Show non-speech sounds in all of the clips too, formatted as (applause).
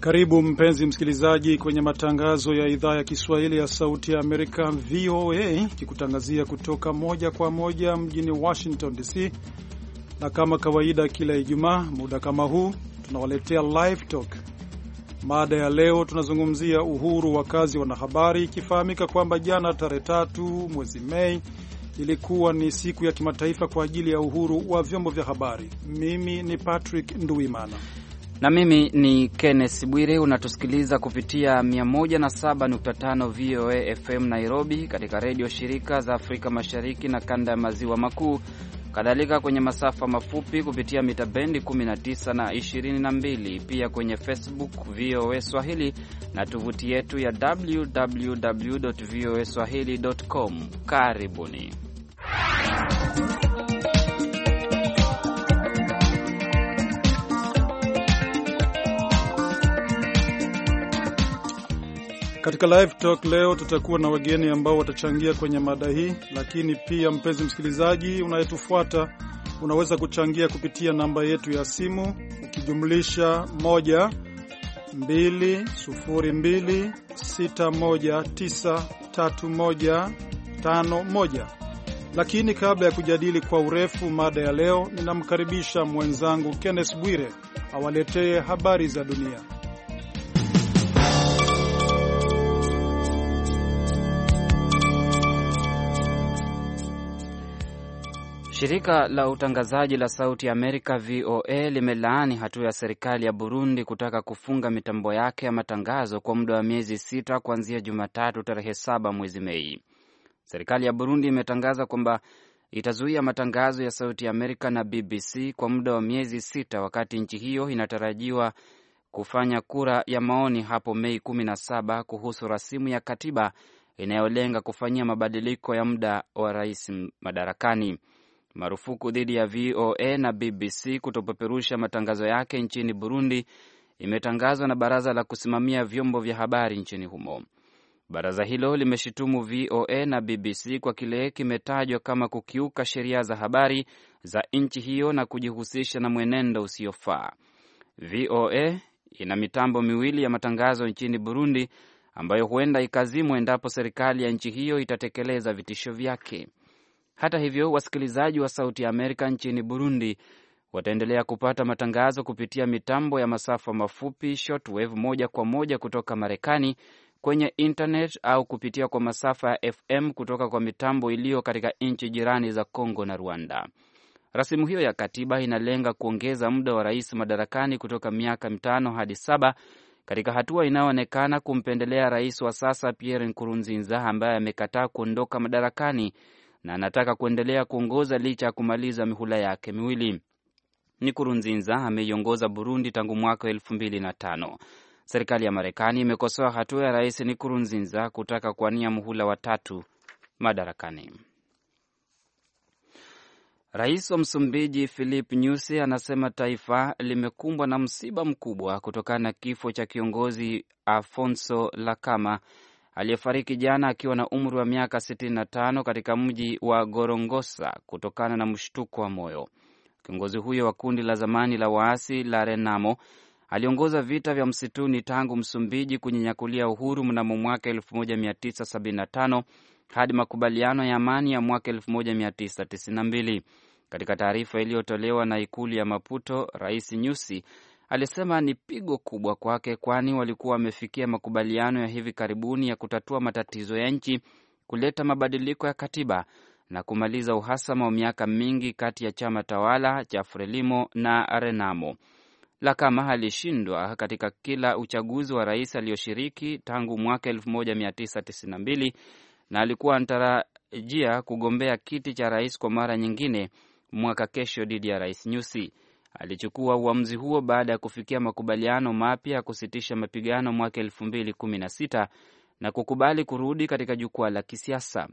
Karibu mpenzi msikilizaji kwenye matangazo ya idhaa ya Kiswahili ya Sauti ya Amerika, VOA, ikikutangazia kutoka moja kwa moja mjini Washington DC. Na kama kawaida, kila Ijumaa muda kama huu tunawaletea Live Talk. Mada ya leo tunazungumzia uhuru wa kazi wanahabari, ikifahamika kwamba jana tarehe tatu mwezi Mei ilikuwa ni siku ya kimataifa kwa ajili ya uhuru wa vyombo vya habari. Mimi ni Patrick Nduimana na mimi ni Kenneth Bwire. Unatusikiliza kupitia 107.5 VOA FM Nairobi, katika redio shirika za Afrika Mashariki na kanda ya maziwa makuu, kadhalika kwenye masafa mafupi kupitia mita bendi 19 na 22, pia kwenye Facebook VOA Swahili na tovuti yetu ya www voa swahili com. Karibuni. Katika live talk leo tutakuwa na wageni ambao watachangia kwenye mada hii, lakini pia mpenzi msikilizaji unayetufuata unaweza kuchangia kupitia namba yetu ya simu ukijumlisha 1 Lakini kabla ya kujadili kwa urefu mada ya leo, ninamkaribisha mwenzangu Kenneth Bwire awaletee habari za dunia. Shirika la utangazaji la Sauti ya Amerika, VOA, limelaani hatua ya serikali ya Burundi kutaka kufunga mitambo yake ya matangazo kwa muda wa miezi sita kuanzia Jumatatu tarehe saba mwezi Mei. Serikali ya Burundi imetangaza kwamba itazuia matangazo ya Sauti ya Amerika na BBC kwa muda wa miezi sita, wakati nchi hiyo inatarajiwa kufanya kura ya maoni hapo Mei 17 kuhusu rasimu ya katiba inayolenga kufanyia mabadiliko ya muda wa rais madarakani marufuku dhidi ya VOA na BBC kutopeperusha matangazo yake nchini Burundi imetangazwa na baraza la kusimamia vyombo vya habari nchini humo. Baraza hilo limeshutumu VOA na BBC kwa kile kimetajwa kama kukiuka sheria za habari za nchi hiyo na kujihusisha na mwenendo usiofaa. VOA ina mitambo miwili ya matangazo nchini Burundi ambayo huenda ikazimwa endapo serikali ya nchi hiyo itatekeleza vitisho vyake. Hata hivyo, wasikilizaji wa Sauti ya Amerika nchini Burundi wataendelea kupata matangazo kupitia mitambo ya masafa mafupi shortwave moja kwa moja kutoka Marekani kwenye internet au kupitia kwa masafa ya FM kutoka kwa mitambo iliyo katika nchi jirani za congo na Rwanda. Rasimu hiyo ya katiba inalenga kuongeza muda wa rais madarakani kutoka miaka mitano hadi saba katika hatua inayoonekana kumpendelea rais wa sasa Pierre Nkurunziza ambaye amekataa kuondoka madarakani na anataka kuendelea kuongoza licha ya kumaliza mihula yake miwili. Nkurunziza ameiongoza Burundi tangu mwaka wa elfu mbili na tano. Serikali ya Marekani imekosoa hatua ya rais Nkurunziza kutaka kuwania muhula wa tatu madarakani. Rais wa Msumbiji Philip Nyusi anasema taifa limekumbwa na msiba mkubwa kutokana na kifo cha kiongozi Afonso Lacama aliyefariki jana akiwa na umri wa miaka 65 katika mji wa Gorongosa kutokana na mshtuko wa moyo. Kiongozi huyo wa kundi la zamani la waasi la Renamo aliongoza vita vya msituni tangu Msumbiji kujinyakulia uhuru mnamo mwaka 1975 hadi makubaliano ya amani ya mwaka 1992. Katika taarifa iliyotolewa na ikulu ya Maputo, Rais Nyusi alisema ni pigo kubwa kwake, kwani walikuwa wamefikia makubaliano ya hivi karibuni ya kutatua matatizo ya nchi, kuleta mabadiliko ya katiba na kumaliza uhasama wa miaka mingi kati ya chama tawala cha Frelimo na Renamo. Lakama alishindwa katika kila uchaguzi wa rais aliyoshiriki tangu mwaka 1992 na alikuwa anatarajia kugombea kiti cha rais kwa mara nyingine mwaka kesho dhidi ya Rais Nyusi alichukua uamuzi huo baada ya kufikia makubaliano mapya ya kusitisha mapigano mwaka elfu mbili kumi na sita na kukubali kurudi katika jukwaa la kisiasa.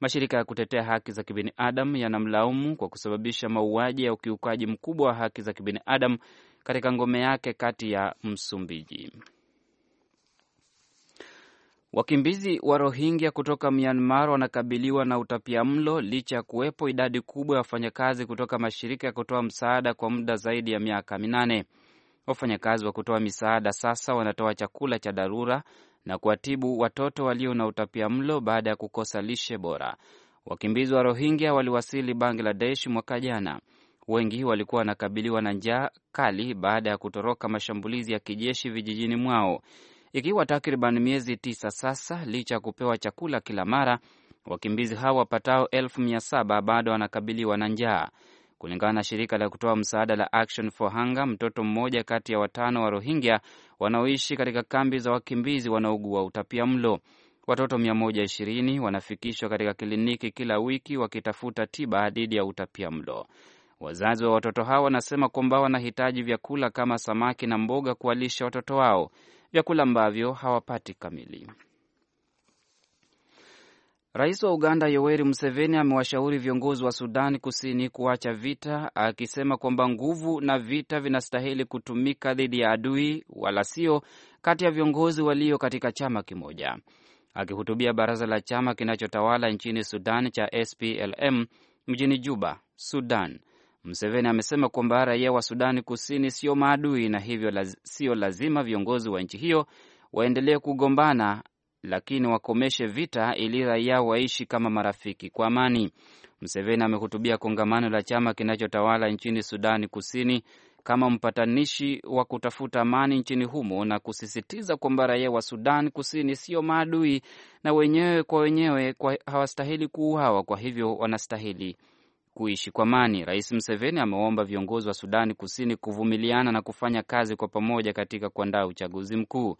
Mashirika ya kutetea haki za kibinadamu yanamlaumu kwa kusababisha mauaji ya ukiukaji mkubwa wa haki za kibinadamu katika ngome yake kati ya Msumbiji. Wakimbizi wa Rohingya kutoka Myanmar wanakabiliwa na utapiamlo licha ya kuwepo idadi kubwa ya wafanyakazi kutoka mashirika ya kutoa msaada kwa muda zaidi ya miaka minane. Wafanyakazi wa kutoa misaada sasa wanatoa chakula cha dharura na kuwatibu watoto walio na utapiamlo baada ya kukosa lishe bora. Wakimbizi wa Rohingya waliwasili Bangladesh mwaka jana. Wengi walikuwa wanakabiliwa na njaa kali baada ya kutoroka mashambulizi ya kijeshi vijijini mwao ikiwa takriban miezi tisa sasa. Licha ya kupewa chakula kila mara, wakimbizi hao wapatao elfu mia saba bado wanakabiliwa na njaa. Kulingana na shirika la kutoa msaada la Action for Hunger, mtoto mmoja kati ya watano wa Rohingya wanaoishi katika kambi za wakimbizi wanaugua utapia mlo. Watoto 120 wanafikishwa katika kliniki kila wiki wakitafuta tiba dhidi ya utapia mlo. Wazazi wa watoto hao wanasema kwamba wanahitaji vyakula kama samaki na mboga kuwalisha watoto wao vyakula ambavyo hawapati kamili. Rais wa Uganda Yoweri Museveni amewashauri viongozi wa Sudan Kusini kuacha vita, akisema kwamba nguvu na vita vinastahili kutumika dhidi ya adui, wala sio kati ya viongozi walio katika chama kimoja. Akihutubia baraza la chama kinachotawala nchini Sudan cha SPLM mjini Juba, Sudan, mseveni amesema kwamba raia wa Sudani Kusini sio maadui na hivyo laz, sio lazima viongozi wa nchi hiyo waendelee kugombana, lakini wakomeshe vita ili raia waishi kama marafiki kwa amani. mseveni amehutubia kongamano la chama kinachotawala nchini Sudani Kusini kama mpatanishi wa kutafuta amani nchini humo na kusisitiza kwamba raia wa Sudan Kusini sio maadui na wenyewe kwa wenyewe kwa hawastahili kuuawa, kwa hivyo wanastahili kuishi kwa amani. Rais Museveni ameomba viongozi wa Sudani Kusini kuvumiliana na kufanya kazi kwa pamoja katika kuandaa uchaguzi mkuu.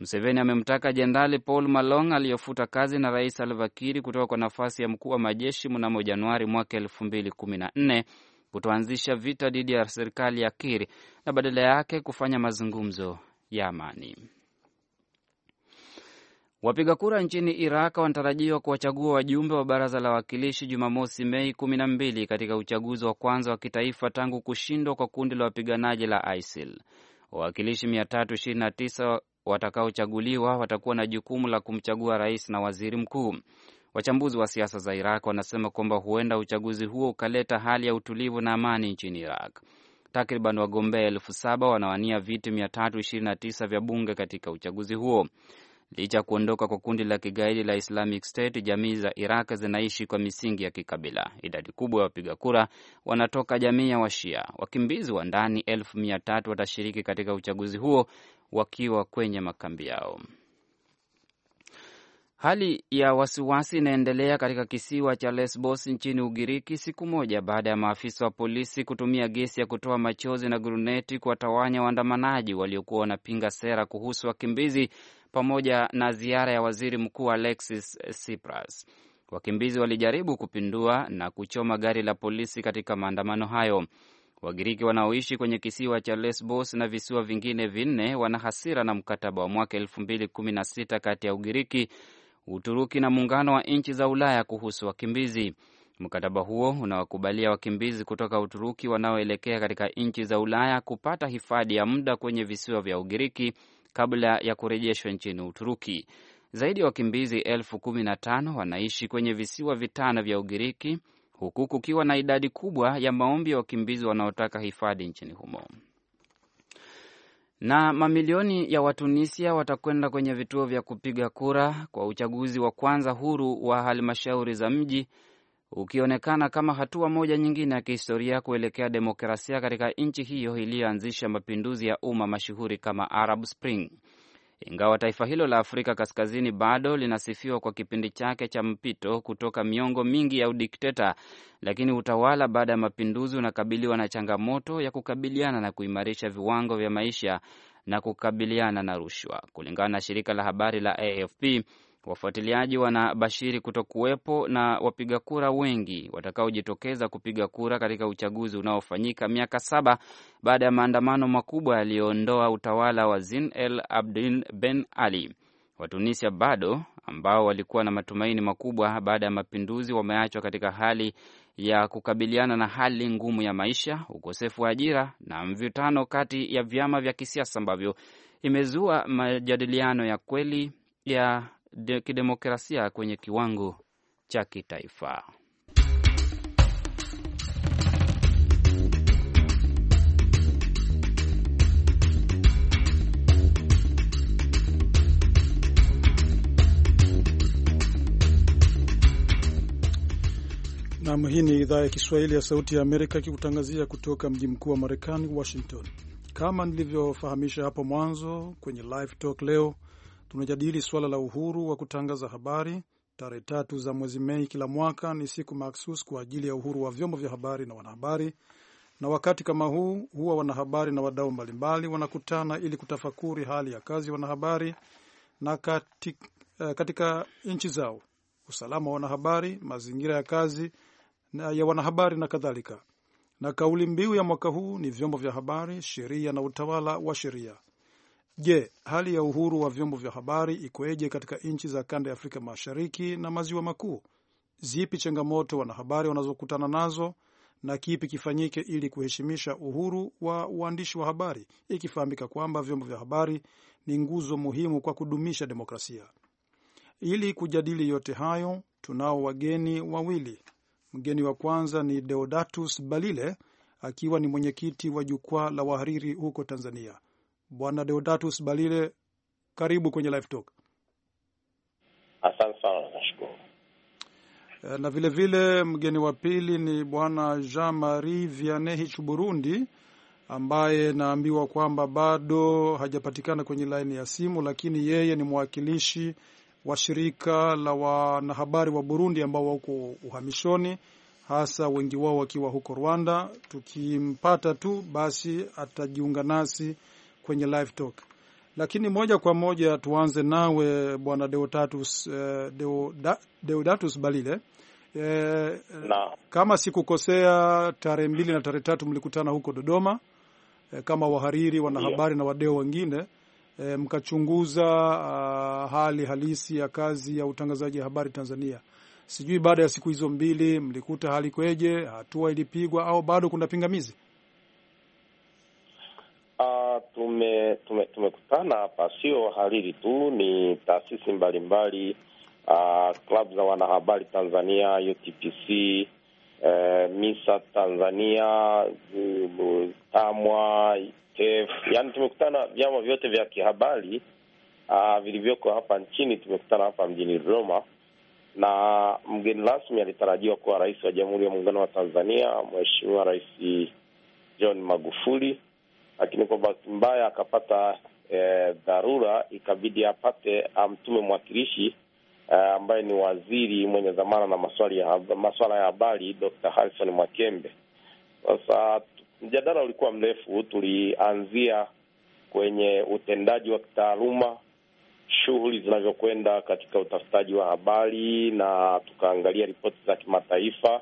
Museveni amemtaka Jenerali Paul Malong aliyofuta kazi na Rais Salva Kiir kutoka kwa nafasi ya mkuu wa majeshi mnamo Januari mwaka elfu mbili kumi na nne kutoanzisha vita dhidi ya serikali ya Kiir na badala yake kufanya mazungumzo ya amani. Wapiga kura nchini Iraq wanatarajiwa kuwachagua wajumbe wa baraza la wawakilishi Jumamosi, Mei kumi na mbili, katika uchaguzi wa kwanza wa kitaifa tangu kushindwa kwa kundi la wapiganaji la ISIL. Wawakilishi 329 watakaochaguliwa watakuwa na jukumu la kumchagua rais na waziri mkuu. Wachambuzi wa siasa za Iraq wanasema kwamba huenda uchaguzi huo ukaleta hali ya utulivu na amani nchini Iraq. Takriban wagombea elfu saba wanawania viti 329 vya bunge katika uchaguzi huo. Licha ya kuondoka kwa kundi la kigaidi la Islamic State, jamii za Iraq zinaishi kwa misingi ya kikabila. Idadi kubwa ya wapiga kura wanatoka jamii ya Washia. Wakimbizi wa ndani elfu mia tatu watashiriki katika uchaguzi huo wakiwa kwenye makambi yao. Hali ya wasiwasi inaendelea katika kisiwa cha Lesbos nchini Ugiriki, siku moja baada ya maafisa wa polisi kutumia gesi ya kutoa machozi na guruneti kuwatawanya waandamanaji waliokuwa wanapinga sera kuhusu wakimbizi pamoja na ziara ya waziri mkuu Alexis Tsipras. Wakimbizi walijaribu kupindua na kuchoma gari la polisi katika maandamano hayo. Wagiriki wanaoishi kwenye kisiwa cha Lesbos na visiwa vingine vinne wana hasira na mkataba wa mwaka elfu mbili kumi na sita kati ya Ugiriki, Uturuki na muungano wa nchi za Ulaya kuhusu wakimbizi. Mkataba huo unawakubalia wakimbizi kutoka Uturuki wanaoelekea katika nchi za Ulaya kupata hifadhi ya muda kwenye visiwa vya Ugiriki kabla ya kurejeshwa nchini Uturuki. Zaidi ya wakimbizi elfu kumi na tano wanaishi kwenye visiwa vitano vya Ugiriki, huku kukiwa na idadi kubwa ya maombi ya wakimbizi wanaotaka hifadhi nchini humo. Na mamilioni ya Watunisia watakwenda kwenye vituo vya kupiga kura kwa uchaguzi wa kwanza huru wa halmashauri za mji ukionekana kama hatua moja nyingine ya kihistoria kuelekea demokrasia katika nchi hiyo iliyoanzisha mapinduzi ya umma mashuhuri kama Arab Spring. Ingawa taifa hilo la Afrika Kaskazini bado linasifiwa kwa kipindi chake cha mpito kutoka miongo mingi ya udikteta, lakini utawala baada ya mapinduzi unakabiliwa na changamoto ya kukabiliana na kuimarisha viwango vya maisha na kukabiliana na rushwa. Kulingana na shirika la habari la AFP, Wafuatiliaji wanabashiri kutokuwepo na wapiga kura wengi watakaojitokeza kupiga kura katika uchaguzi unaofanyika miaka saba baada ya maandamano makubwa yaliyoondoa utawala wa Zin El Abdin Ben Ali. Watunisia bado ambao walikuwa na matumaini makubwa baada ya mapinduzi wameachwa katika hali ya kukabiliana na hali ngumu ya maisha, ukosefu wa ajira na mvutano kati ya vyama vya kisiasa ambavyo imezua majadiliano ya kweli ya kidemokrasia kwenye kiwango cha kitaifa. Nam, hii ni idhaa ya Kiswahili ya Sauti ya Amerika ikikutangazia kutoka mji mkuu wa Marekani, Washington. Kama nilivyofahamisha hapo mwanzo kwenye Live Talk leo, tunajadili suala la uhuru wa kutangaza habari. Tarehe tatu za mwezi Mei kila mwaka ni siku maksus kwa ajili ya uhuru wa vyombo vya habari na wanahabari, na wakati kama huu huwa wanahabari na wadau mbalimbali wanakutana ili kutafakuri hali ya kazi ya wanahabari na katika, eh, katika nchi zao, usalama wa wanahabari, mazingira ya kazi na ya wanahabari na kadhalika. Na kauli mbiu ya mwaka huu ni vyombo vya habari, sheria na utawala wa sheria. Je, hali ya uhuru wa vyombo vya habari ikoje katika nchi za kanda ya Afrika Mashariki na Maziwa Makuu? Zipi changamoto wanahabari wanazokutana nazo na kipi kifanyike ili kuheshimisha uhuru wa uandishi wa habari, ikifahamika kwamba vyombo vya habari ni nguzo muhimu kwa kudumisha demokrasia. Ili kujadili yote hayo, tunao wageni wawili. Mgeni wa kwanza ni Deodatus Balile akiwa ni mwenyekiti wa jukwaa la wahariri huko Tanzania. Bwana Deodatus Balile, karibu kwenye live talk. Asante sana, nashukuru. Eh, na vile vile mgeni wa pili ni bwana Jean Marie vianehich Burundi, ambaye naambiwa kwamba bado hajapatikana kwenye laini ya simu, lakini yeye ni mwakilishi wa shirika la wanahabari wa Burundi ambao wako uhamishoni, hasa wengi wao wakiwa huko Rwanda. Tukimpata tu basi atajiunga nasi kwenye live talk. Lakini moja kwa moja tuanze nawe bwana Deodatus, eh, Deodatus Balile. E, Kama sikukosea, tarehe mbili na tarehe tatu mlikutana huko Dodoma e, kama wahariri, wanahabari yeah. na wadeo wengine e, mkachunguza ah, hali halisi ya kazi ya utangazaji wa habari Tanzania. Sijui baada ya siku hizo mbili mlikuta hali kweje, hatua ilipigwa au bado kuna pingamizi? Uh, tume tumekutana hapa, sio wahariri tu, ni taasisi mbalimbali, ah, klabu uh, za wanahabari Tanzania, UTPC, uh, eh, MISA Tanzania, TAMWA, TEF, yani tumekutana vyama vyote vya kihabari uh, vilivyoko hapa nchini. Tumekutana hapa mjini Roma na mgeni rasmi alitarajiwa kuwa Rais wa Jamhuri ya Muungano wa Tanzania, Mheshimiwa Rais John Magufuli lakini kwa bahati mbaya akapata eh, dharura, ikabidi apate amtume ah, mwakilishi Uh, ambaye ni waziri mwenye dhamana na maswali ya ya habari Dr. Harrison Mwakembe. Sasa mjadala ulikuwa mrefu, tulianzia kwenye utendaji wa kitaaluma, shughuli zinavyokwenda katika utafutaji wa habari, na tukaangalia ripoti za kimataifa,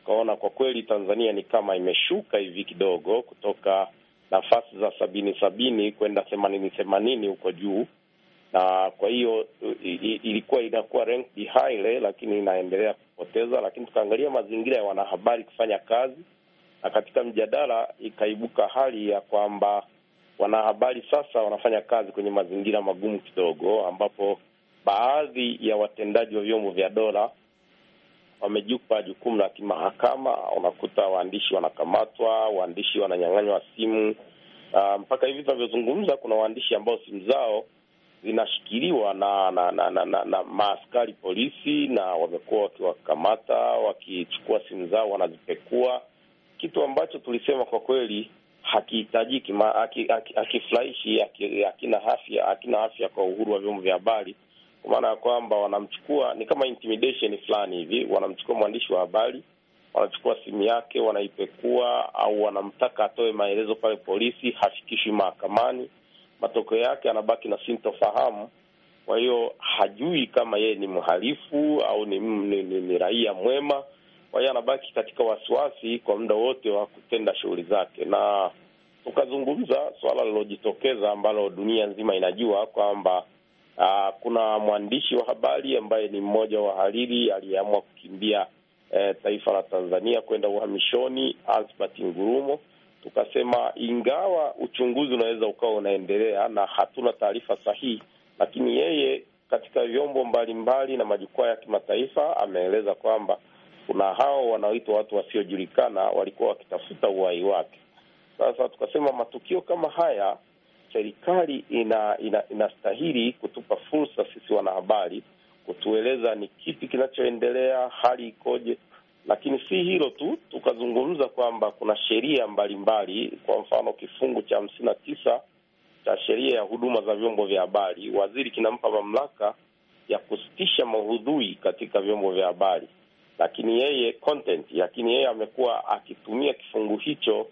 tukaona kwa kweli Tanzania ni kama imeshuka hivi kidogo kutoka nafasi za sabini sabini kwenda themanini themanini huko juu, na kwa hiyo ilikuwa inakuwa ranked lakini inaendelea kupoteza. Lakini tukaangalia mazingira ya wanahabari kufanya kazi, na katika mjadala ikaibuka hali ya kwamba wanahabari sasa wanafanya kazi kwenye mazingira magumu kidogo, ambapo baadhi ya watendaji wa vyombo vya dola wamejupa jukumu la kimahakama. Unakuta waandishi wanakamatwa, waandishi wananyang'anywa simu. Uh, mpaka hivi tunavyozungumza kuna waandishi ambao simu zao zinashikiliwa na na, na, na, na, na maaskari polisi, na wamekuwa wakiwakamata wakichukua simu zao wanazipekua, kitu ambacho tulisema kwa kweli hakihitajiki, hakifurahishi, hakina afya, hakina afya kwa uhuru wa vyombo vya habari kwa maana ya kwamba wanamchukua, ni kama intimidation fulani hivi, wanamchukua mwandishi wa habari, wanachukua simu yake, wanaipekua au wanamtaka atoe maelezo pale polisi, hafikishwi mahakamani. Matokeo yake anabaki na sintofahamu, kwa hiyo hajui kama yeye ni mhalifu au ni, ni, ni, ni raia mwema. Kwa hiyo anabaki katika wasiwasi kwa muda wote wa kutenda shughuli zake, na tukazungumza suala lilojitokeza ambalo dunia nzima inajua kwamba Uh, kuna mwandishi wa habari ambaye ni mmoja wa hariri aliyeamua kukimbia eh, taifa la Tanzania kwenda uhamishoni, Albert Ngurumo. Tukasema ingawa uchunguzi unaweza ukawa unaendelea na hatuna taarifa sahihi, lakini yeye katika vyombo mbalimbali na majukwaa ya kimataifa ameeleza kwamba kuna hao wanaoitwa watu wasiojulikana walikuwa wakitafuta uhai wake. Sasa tukasema matukio kama haya serikali ina, ina, inastahili kutupa fursa sisi wanahabari kutueleza ni kipi kinachoendelea, hali ikoje. Lakini si hilo tu, tukazungumza kwamba kuna sheria mbalimbali, kwa mfano kifungu cha hamsini na tisa cha sheria ya huduma za vyombo vya habari, waziri kinampa mamlaka ya kusitisha maudhui katika vyombo vya habari, lakini yeye content, lakini yeye amekuwa akitumia kifungu hicho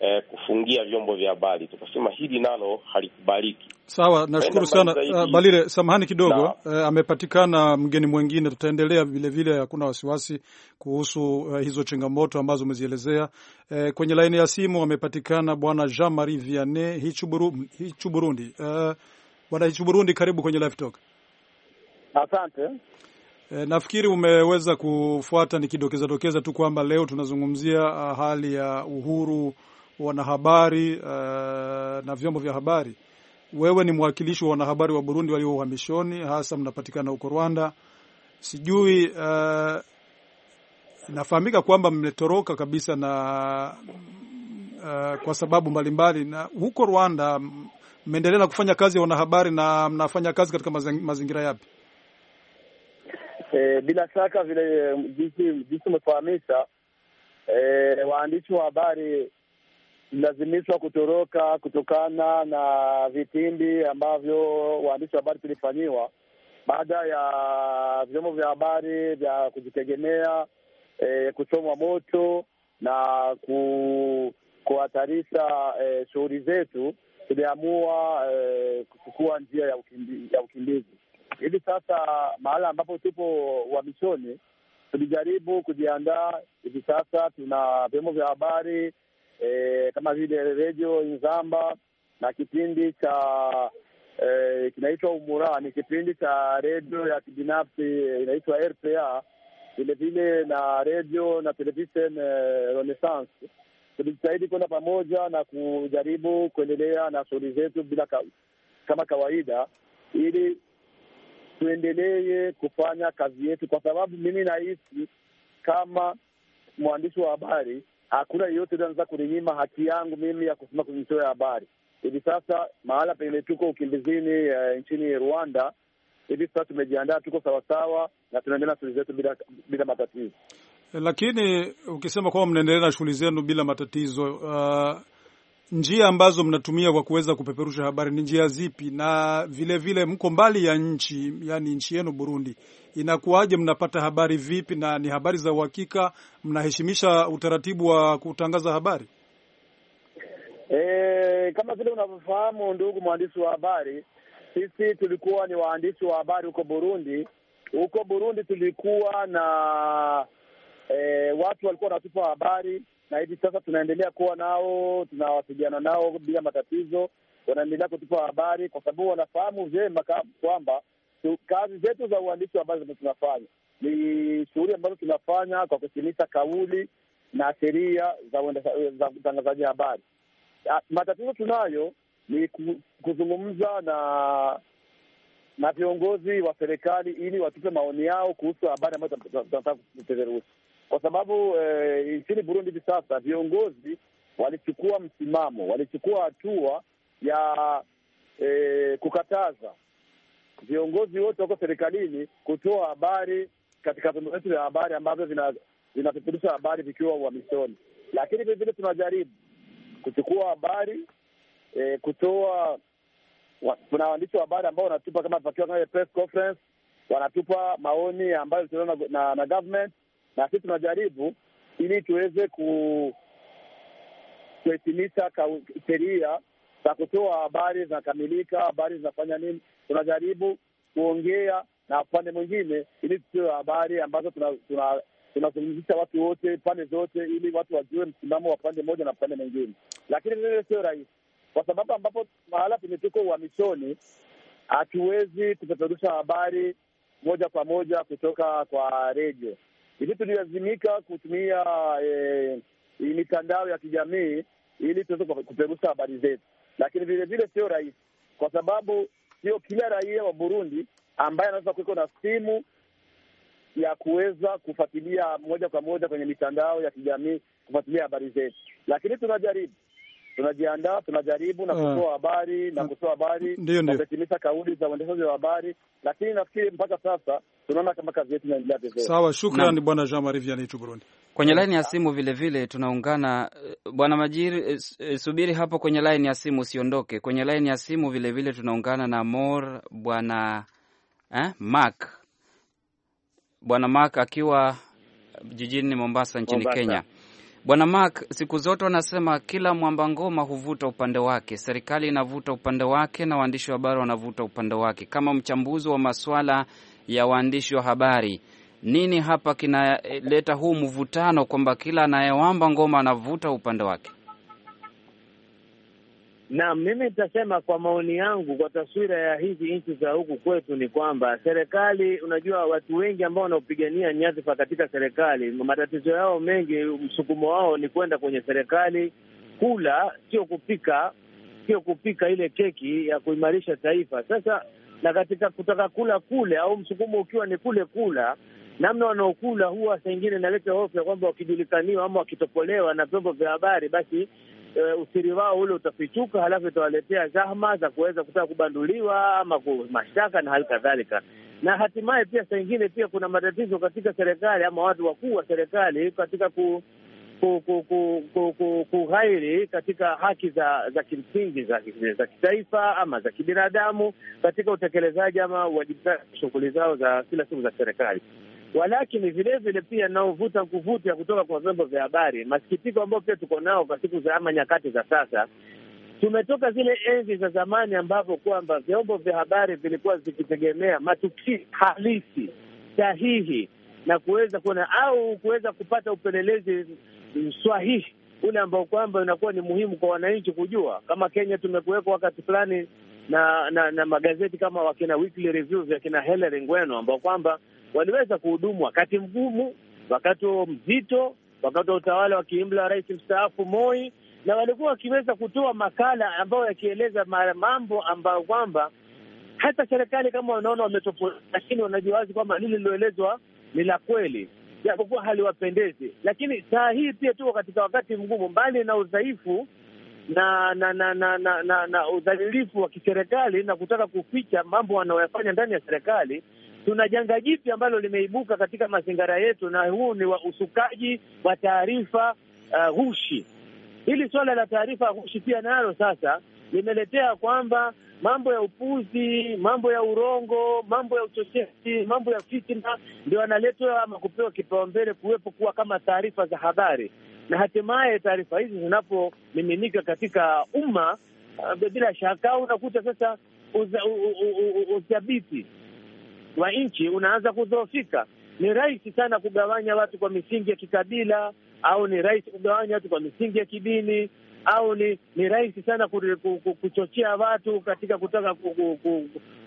eh, kufungia vyombo vya habari. Tukasema hili nalo halikubaliki. Sawa, nashukuru sana uh, ah, Balile, samahani kidogo uh, amepatikana mgeni mwingine, tutaendelea vilevile, hakuna wasiwasi kuhusu uh, hizo changamoto ambazo umezielezea. uh, kwenye laini ya simu amepatikana bwana Jean Marie Viane hichu Burundi. Uh, bwana Burundi, karibu kwenye live talk. Asante. E, nafikiri umeweza kufuata nikidokeza dokeza tu kwamba leo tunazungumzia ah, hali ya uhuru wanahabari uh, na vyombo vya habari. Wewe ni mwakilishi wa wanahabari wa Burundi walio uhamishoni, hasa mnapatikana huko Rwanda. Sijui uh, nafahamika kwamba mmetoroka kabisa na uh, kwa sababu mbalimbali mbali. Na huko Rwanda mmeendelea na kufanya kazi ya wanahabari na mnafanya kazi katika mazingira yapi? E, bila shaka vile jinsi umefahamisha, e, waandishi wa habari lazimishwa kutoroka kutokana na vitimbi ambavyo waandishi wa habari tulifanyiwa baada ya vyombo vya habari vya kujitegemea e, kuchomwa moto na ku, kuhatarisha e, shughuli zetu, tuliamua e, kuchukua njia ya, ukimbi, ya ukimbizi. Hivi sasa mahala ambapo tupo uhamishoni, tulijaribu kujiandaa. Hivi sasa tuna vyombo vya habari e, kama vile redio Inzamba na kipindi cha e, kinaitwa Umura, ni kipindi cha redio ya kibinafsi inaitwa RPA, vilevile na redio na televishen e, Renaissance. Tulijitahidi kwenda pamoja na kujaribu kuendelea na shughuli zetu bila ka, kama kawaida ili tuendelee kufanya kazi yetu, kwa sababu mimi nahisi kama mwandishi wa habari hakuna yeyote anaweza kuninyima haki yangu mimi ya kusema kwenye vyombo ya habari. Hivi sasa mahala pengine tuko ukimbizini, uh, nchini Rwanda. Hivi sasa tumejiandaa, tuko sawasawa na tunaendelea na shughuli zetu bila, bila matatizo. Eh, lakini ukisema kwamba mnaendelea na shughuli zenu bila matatizo, uh, njia ambazo mnatumia kwa kuweza kupeperusha habari ni njia zipi? Na vilevile mko mbali ya nchi, yani nchi yenu Burundi, inakuwaje? Mnapata habari vipi, na ni habari za uhakika? Mnaheshimisha utaratibu wa kutangaza habari? E, kama vile unavyofahamu ndugu mwandishi wa habari, sisi tulikuwa ni waandishi wa habari huko Burundi. Huko Burundi tulikuwa na e, watu walikuwa wanatupa habari, na hivi sasa tunaendelea kuwa nao, tunawasiliana nao bila matatizo, wanaendelea kutupa habari kwa sababu wanafahamu vyema kwamba tu, kazi zetu za uandishi ambazo tunafanya ni shughuli ambazo tunafanya kwa kutimiza kauli na sheria za utangazaji habari. Matatizo tunayo ni kuzungumza na na viongozi wa serikali ili watupe maoni yao kuhusu habari ambayo tunataka kupeperusha, kwa sababu eh, nchini Burundi hivi sasa viongozi walichukua msimamo, walichukua hatua ya eh, kukataza viongozi wote wako serikalini kutoa habari katika vyombo vyetu vya habari ambavyo vinapeperusha habari vikiwa uhamisoni, lakini vilevile tunajaribu kuchukua habari e, kutoa wa, kuna waandishi wa habari ambao wanatupa kama pakiwa kwenye press conference, wanatupa maoni ambayo ilitolewa na, na, na government na sisi tunajaribu ili tuweze ku kuhitimisha sheria za kutoa habari zinakamilika, habari zinafanya nini tunajaribu kuongea na pande mwingine, ili tupewe habari ambazo tunazungumzisha tuna, tuna watu wote pande zote, ili watu wajue msimamo wa pande moja na pande mwingine, lakini vile sio rahisi, kwa sababu ambapo mahala penye tuko uhamishoni, hatuwezi kupeperusha habari moja kwa moja kutoka kwa redio hivi tulilazimika kutumia e, mitandao ya kijamii ili tuweze kupeperusha habari zetu, lakini vilevile sio rahisi, kwa sababu sio kila raia wa Burundi ambaye anaweza kuwekwa na simu ya kuweza kufuatilia moja kwa moja kwenye mitandao ya kijamii kufuatilia habari zetu, lakini tunajaribu tunajiandaa, tunajaribu na ah. kutoa habari na ah, kutoa habari na kauli za uendeshaji wa habari, lakini nafikiri mpaka sasa tunaona kama kazi yetu inaendelea vizuri. Sawa, shukrani bwana Jean Marie Vianney Burundi. Kwenye laini ya simu vilevile tunaungana eh, bwana Majiri, eh, eh, subiri hapo kwenye laini ya simu, usiondoke kwenye laini ya simu. Vilevile tunaungana na Mor bwana eh, Mark bwana Mark akiwa jijini Mombasa nchini Mombasa, Kenya. Bwana Mark siku zote wanasema kila mwamba ngoma huvuta upande wake. Serikali inavuta upande wake na waandishi wa habari wanavuta upande wake. Kama mchambuzi wa masuala ya waandishi wa habari, nini hapa kinaleta huu mvutano kwamba kila anayewamba ngoma anavuta upande wake? Na mimi nitasema kwa maoni yangu, kwa taswira ya hizi nchi za huku kwetu ni kwamba serikali, unajua watu wengi ambao wanaopigania nyadhifa katika serikali, matatizo yao mengi, msukumo wao ni kwenda kwenye serikali kula, sio kupika, sio kupika ile keki ya kuimarisha taifa. Sasa na katika kutaka kula kule, au msukumo ukiwa ni kule kula namna wanaokula huwa saa ingine inaleta hofu ya kwamba wakijulikaniwa ama wakitopolewa na vyombo vya habari, basi uh, usiri wao ule utafichuka, halafu itawaletea zahma za kuweza kutaka kubanduliwa ama mashtaka na hali kadhalika na hatimaye pia saa ingine pia kuna matatizo katika serikali ama watu wakuu wa serikali katika ku, kughairi katika haki za za kimsingi za, za kitaifa ama za kibinadamu katika utekelezaji ama uwajibikaji shughuli zao za kila siku za serikali. Walakini vile vile pia naovuta kuvuta kutoka kwa vyombo vya habari, masikitiko ambayo pia tuko nao kwa siku za ama nyakati za sasa tumetoka zile enzi za zamani ambapo kwamba vyombo vya habari vilikuwa vikitegemea matukio halisi sahihi na kuweza kuona au kuweza kupata upelelezi usahihi ule ambao kwamba inakuwa ni muhimu kwa wananchi kujua. Kama Kenya tumekuwekwa wakati fulani na, na na magazeti kama wakina Weekly Reviews ya kina Hillary Ngweno ambao kwamba waliweza kuhudumu wakati mgumu, wakati mzito, wakati wa utawala wa kiimla rais mstaafu Moi, na walikuwa wakiweza kutoa makala ambayo yakieleza mambo ambayo kwamba hata serikali kama wanaona wametopoa, lakini wanajua wazi kwamba lile liloelezwa ni la kweli japokuwa haliwapendezi. Lakini saa hii pia tuko katika wakati mgumu, mbali na udhaifu na na na na na, na, na udhalilifu wa kiserikali na kutaka kuficha mambo wanaoyafanya ndani ya serikali, tuna janga jipya ambalo limeibuka katika mazingira yetu, na huu ni wa usukaji wa taarifa uh, Hili suala la taarifa ghushi pia nalo sasa limeletea kwamba mambo ya upuzi, mambo ya urongo, mambo ya uchochezi, mambo ya fitina ndio analetwa ama kupewa kipaumbele kuwepo kuwa kama taarifa za habari, na hatimaye taarifa hizi zinapomiminika katika umma, eh, bila shaka unakuta sasa uthabiti wa nchi unaanza kudhoofika. Ni rahisi sana kugawanya watu kwa misingi ya kikabila au ni rahisi kugawanya watu kwa misingi ya kidini au ni, ni rahisi sana kuchochea watu katika kutaka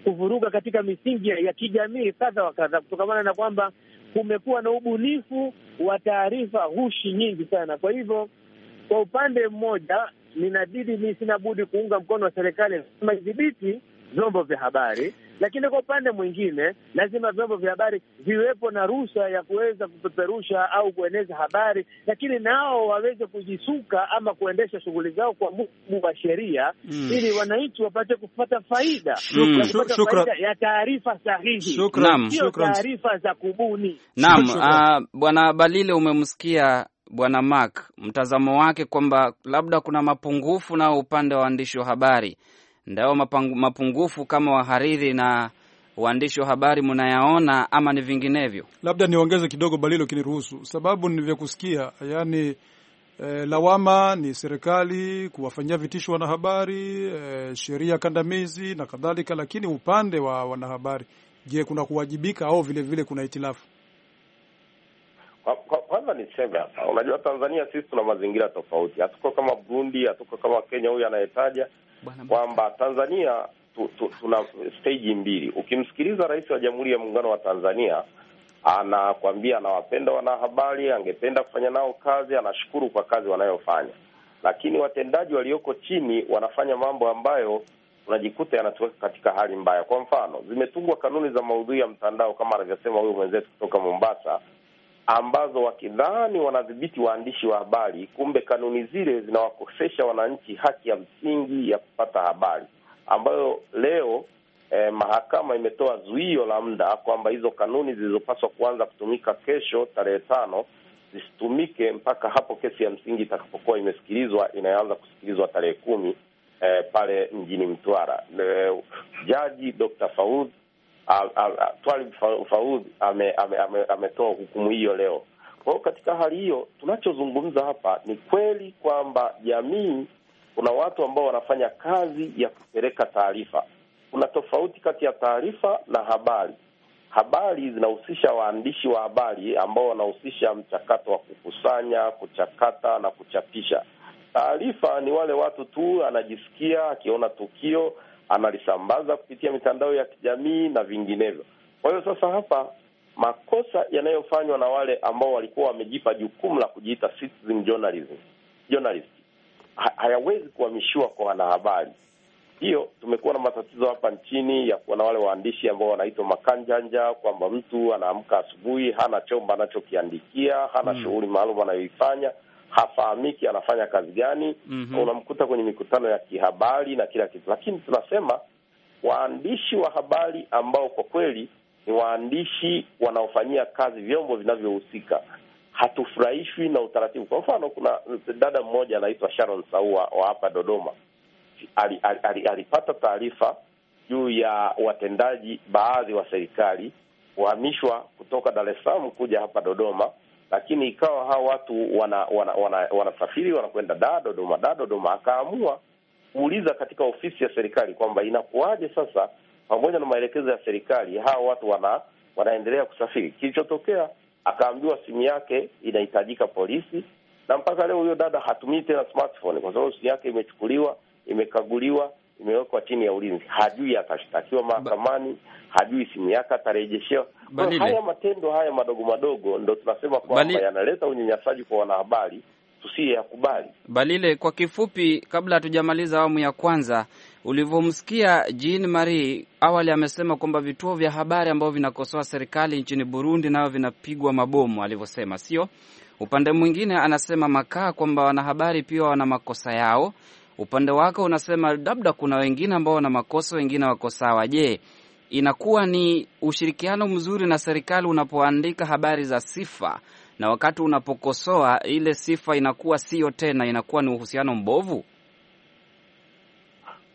kuvuruga katika misingi ya kijamii kadha wa kadha, kutokamana na kwamba kumekuwa na ubunifu wa taarifa hushi nyingi sana. Kwa hivyo, kwa upande mmoja, ninabidi mi sina budi kuunga mkono wa serikali lazima idhibiti vyombo vya habari lakini kwa upande mwingine, lazima vyombo vya habari viwepo na ruhusa ya kuweza kupeperusha au kueneza habari, lakini nao waweze kujisuka ama kuendesha shughuli zao kwa mujibu wa sheria mm. ili wananchi wapate kupata faida, mm. kupata faida ya taarifa sahihi, sio taarifa za kubuni. Naam, uh, Bwana Balile, umemsikia Bwana Mark mtazamo wake kwamba labda kuna mapungufu nao upande wa waandishi wa habari Ndao mapungufu kama wahariri na waandishi wa habari mnayaona ama ni vinginevyo? Labda niongeze kidogo Balilo kiniruhusu, sababu nilivyokusikia yani E, lawama ni serikali kuwafanyia vitisho wanahabari, e, sheria kandamizi na kadhalika. Lakini upande wa wanahabari, je, kuna kuwajibika au vilevile vile kuna hitilafu? Kwanza niseme hapa, unajua Tanzania sisi tuna mazingira tofauti, hatuko kama Burundi, hatuko kama Kenya huyu anayetaja, kwamba Tanzania tu, tu, tuna stage mbili. Ukimsikiliza Rais wa Jamhuri ya Muungano wa Tanzania anakwambia anawapenda wanahabari, angependa kufanya nao kazi, anashukuru kwa kazi wanayofanya, lakini watendaji walioko chini wanafanya mambo ambayo unajikuta yanatuweka katika hali mbaya. Kwa mfano, zimetungwa kanuni za maudhui ya mtandao kama anavyosema huyu mwenzetu kutoka Mombasa ambazo wakidhani wanadhibiti waandishi wa habari, kumbe kanuni zile zinawakosesha wananchi haki ya msingi ya kupata habari, ambayo leo eh, mahakama imetoa zuio la muda kwamba hizo kanuni zilizopaswa kuanza kutumika kesho tarehe tano zisitumike mpaka hapo kesi ya msingi itakapokuwa imesikilizwa inayoanza kusikilizwa tarehe kumi eh, pale mjini Mtwara. Eh, Jaji Dr. Faudh Twalib ametoa hukumu hiyo leo. Kwa hiyo katika hali hiyo tunachozungumza hapa ni kweli kwamba jamii, kuna watu ambao wanafanya kazi ya kupeleka taarifa. Kuna tofauti kati ya taarifa na habari. Habari zinahusisha waandishi wa habari ambao wanahusisha mchakato wa kukusanya, kuchakata na kuchapisha. Taarifa ni wale watu tu, anajisikia akiona tukio analisambaza kupitia mitandao ya kijamii na vinginevyo. Kwa hiyo sasa hapa makosa yanayofanywa na wale ambao walikuwa wamejipa jukumu la kujiita citizen journalism journalist hayawezi kuhamishiwa kwa wanahabari. Hiyo tumekuwa na matatizo hapa nchini ya kuwa na wale waandishi ambao wanaitwa makanjanja, kwamba mtu anaamka asubuhi, hana chombo anachokiandikia, hana mm, shughuli maalum anayoifanya, hafahamiki anafanya kazi gani. mm -hmm. Unamkuta kwenye mikutano ya kihabari na kila kitu, lakini tunasema waandishi wa habari ambao kwa kweli ni waandishi wanaofanyia kazi vyombo vinavyohusika hatufurahishwi na utaratibu. Kwa mfano, kuna dada mmoja anaitwa Sharon Saua wa hapa Dodoma, ali, ali, ali, alipata taarifa juu ya watendaji baadhi wa serikali kuhamishwa kutoka Dar es Salaam kuja hapa Dodoma lakini ikawa hawa watu wanasafiri wana, wana, wana wanakwenda da Dodoma, da Dodoma, akaamua kuuliza katika ofisi ya serikali kwamba inakuwaje sasa, pamoja na maelekezo ya serikali hawa watu wana, wanaendelea kusafiri. Kilichotokea akaambiwa simu yake inahitajika polisi, na mpaka leo huyo dada hatumii tena smartphone kwa sababu simu yake imechukuliwa, imekaguliwa imewekwa chini ya ulinzi, hajui akashtakiwa mahakamani, hajui simu yake atarejeshewa. Haya matendo haya madogo madogo ndo tunasema kwamba yanaleta unyanyasaji kwa wanahabari, yakubali. Balile, kwa kifupi, kabla hatujamaliza awamu ya kwanza, ulivyomsikia Jean Marie awali amesema kwamba vituo vya habari ambavyo vinakosoa serikali nchini Burundi nayo vinapigwa mabomu, alivyosema sio. Upande mwingine anasema Makaa kwamba wanahabari pia wana makosa yao Upande wako unasema labda kuna wengine ambao wana makosa, wengine wako sawa. Je, inakuwa ni ushirikiano mzuri na serikali unapoandika habari za sifa na wakati unapokosoa ile sifa inakuwa siyo tena, inakuwa ni uhusiano mbovu?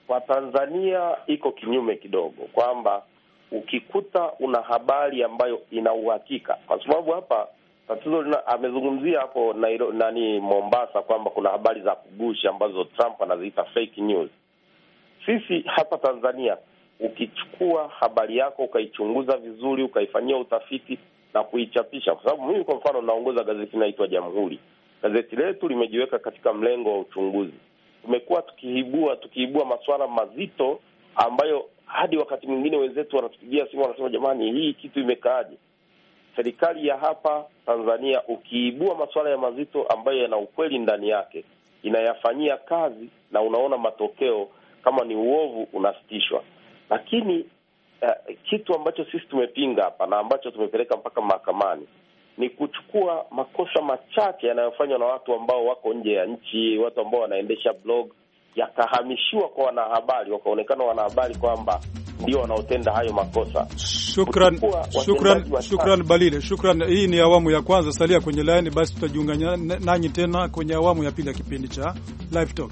Kwa Tanzania iko kinyume kidogo, kwamba ukikuta una habari ambayo ina uhakika, kwa sababu hapa Tatizo amezungumzia hapo Nairo, nani Mombasa, kwamba kuna habari za kugushi ambazo Trump anaziita fake news. Sisi hapa Tanzania, ukichukua habari yako ukaichunguza vizuri, ukaifanyia utafiti na kuichapisha, kwa sababu mimi kwa mfano naongoza gazeti inaitwa Jamhuri. Gazeti letu limejiweka katika mlengo wa uchunguzi. Tumekuwa tukiibua tukiibua masuala mazito ambayo hadi wakati mwingine wenzetu wanatupigia simu wanasema, jamani, hii kitu imekaaje? serikali ya hapa Tanzania, ukiibua masuala ya mazito ambayo yana ukweli ndani yake, inayafanyia kazi na unaona matokeo, kama ni uovu unasitishwa. Lakini uh, kitu ambacho sisi tumepinga hapa na ambacho tumepeleka mpaka mahakamani ni kuchukua makosa machache yanayofanywa na watu ambao wako nje ya nchi, watu ambao wanaendesha blog yakahamishiwa kwa wanahabari, wakaonekana wanahabari kwamba ndio wanaotenda hayo makosa. Shukran, shukran, shukran Balile, shukran. Hii ni awamu ya kwanza, salia kwenye laini basi, tutajiunga nanyi tena kwenye awamu ya pili ya kipindi cha Live Talk.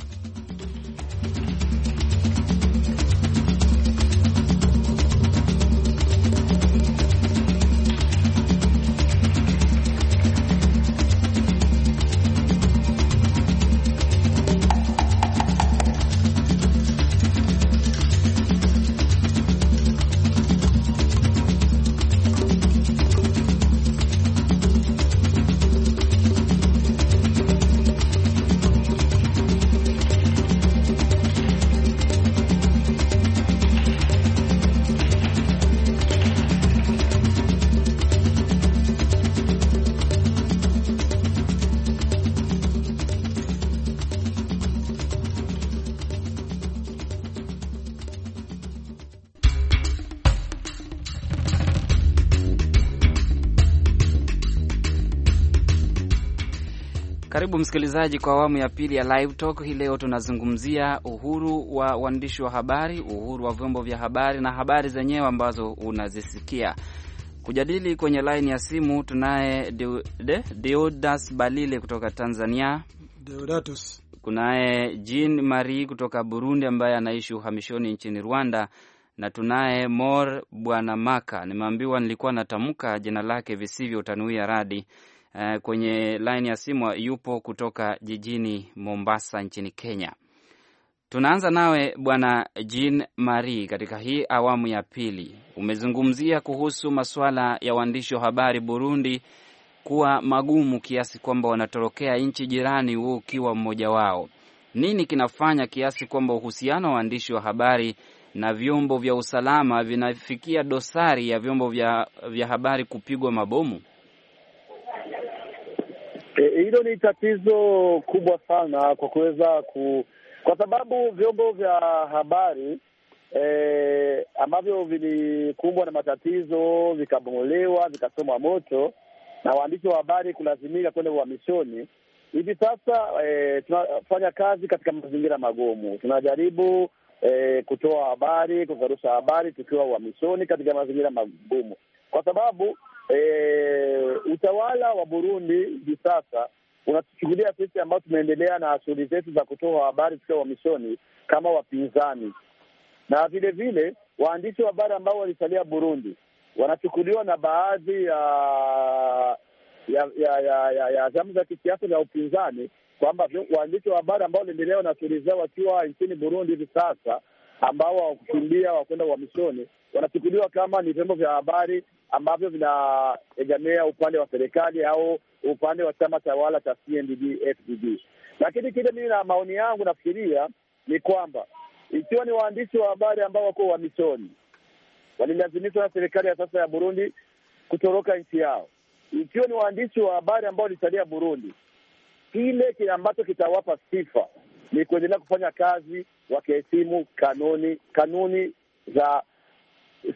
Karibu msikilizaji kwa awamu ya pili ya Live Talk. Hii leo tunazungumzia uhuru wa waandishi wa habari, uhuru wa vyombo vya habari na habari zenyewe ambazo unazisikia. Kujadili kwenye laini ya simu tunaye Deodas Balile kutoka Tanzania, Deodatus. Kunaye Jean Marie kutoka Burundi ambaye anaishi uhamishoni nchini Rwanda, na tunaye Mor Bwana Maka. Nimeambiwa nilikuwa natamka jina lake visivyo, utanuia radi Eh, kwenye laini ya simu yupo kutoka jijini Mombasa nchini Kenya. Tunaanza nawe Bwana Jean Marie, katika hii awamu ya pili umezungumzia kuhusu masuala ya waandishi wa habari Burundi kuwa magumu kiasi kwamba wanatorokea nchi jirani, huu ukiwa mmoja wao. Nini kinafanya kiasi kwamba uhusiano wa waandishi wa habari na vyombo vya usalama vinafikia dosari ya vyombo vya, vya habari kupigwa mabomu? Eh, eh, hilo e, ni tatizo kubwa sana kwa kuweza ku, kwa sababu vyombo vya habari e, ambavyo vilikumbwa na matatizo vikabomolewa vikasomwa moto na waandishi wa habari kulazimika kwenda uhamishoni. Hivi sasa e, tunafanya kazi katika mazingira magumu, tunajaribu e, kutoa habari, kukarusha habari tukiwa uhamishoni katika mazingira magumu, kwa sababu e, utawala wa Burundi hivi sasa unatuchukulia sisi ambao tumeendelea na shughuli zetu za kutoa habari tukiwa wamishoni kama wapinzani, na vile vile waandishi wa habari ambao walisalia Burundi wanachukuliwa na baadhi ya ya ya ya, ya, ya zamu za kisiasa za upinzani kwamba waandishi wa habari ambao waliendelea na shughuli zao wakiwa nchini Burundi hivi sasa ambao hawakukimbia wakwenda uhamishoni wanachukuliwa kama ni vyombo vya habari ambavyo vinaegemea upande wa serikali au upande wa chama tawala cha CNDD-FDD. Lakini kile mimi na maoni yangu nafikiria ni kwamba ikiwa ni waandishi wa habari ambao wako uhamishoni walilazimishwa na serikali ya sasa ya Burundi kutoroka nchi yao, ikiwa ni waandishi wa habari ambao walisalia Burundi, kile ambacho kitawapa sifa ni kuendelea kufanya kazi wakiheshimu kanuni kanuni za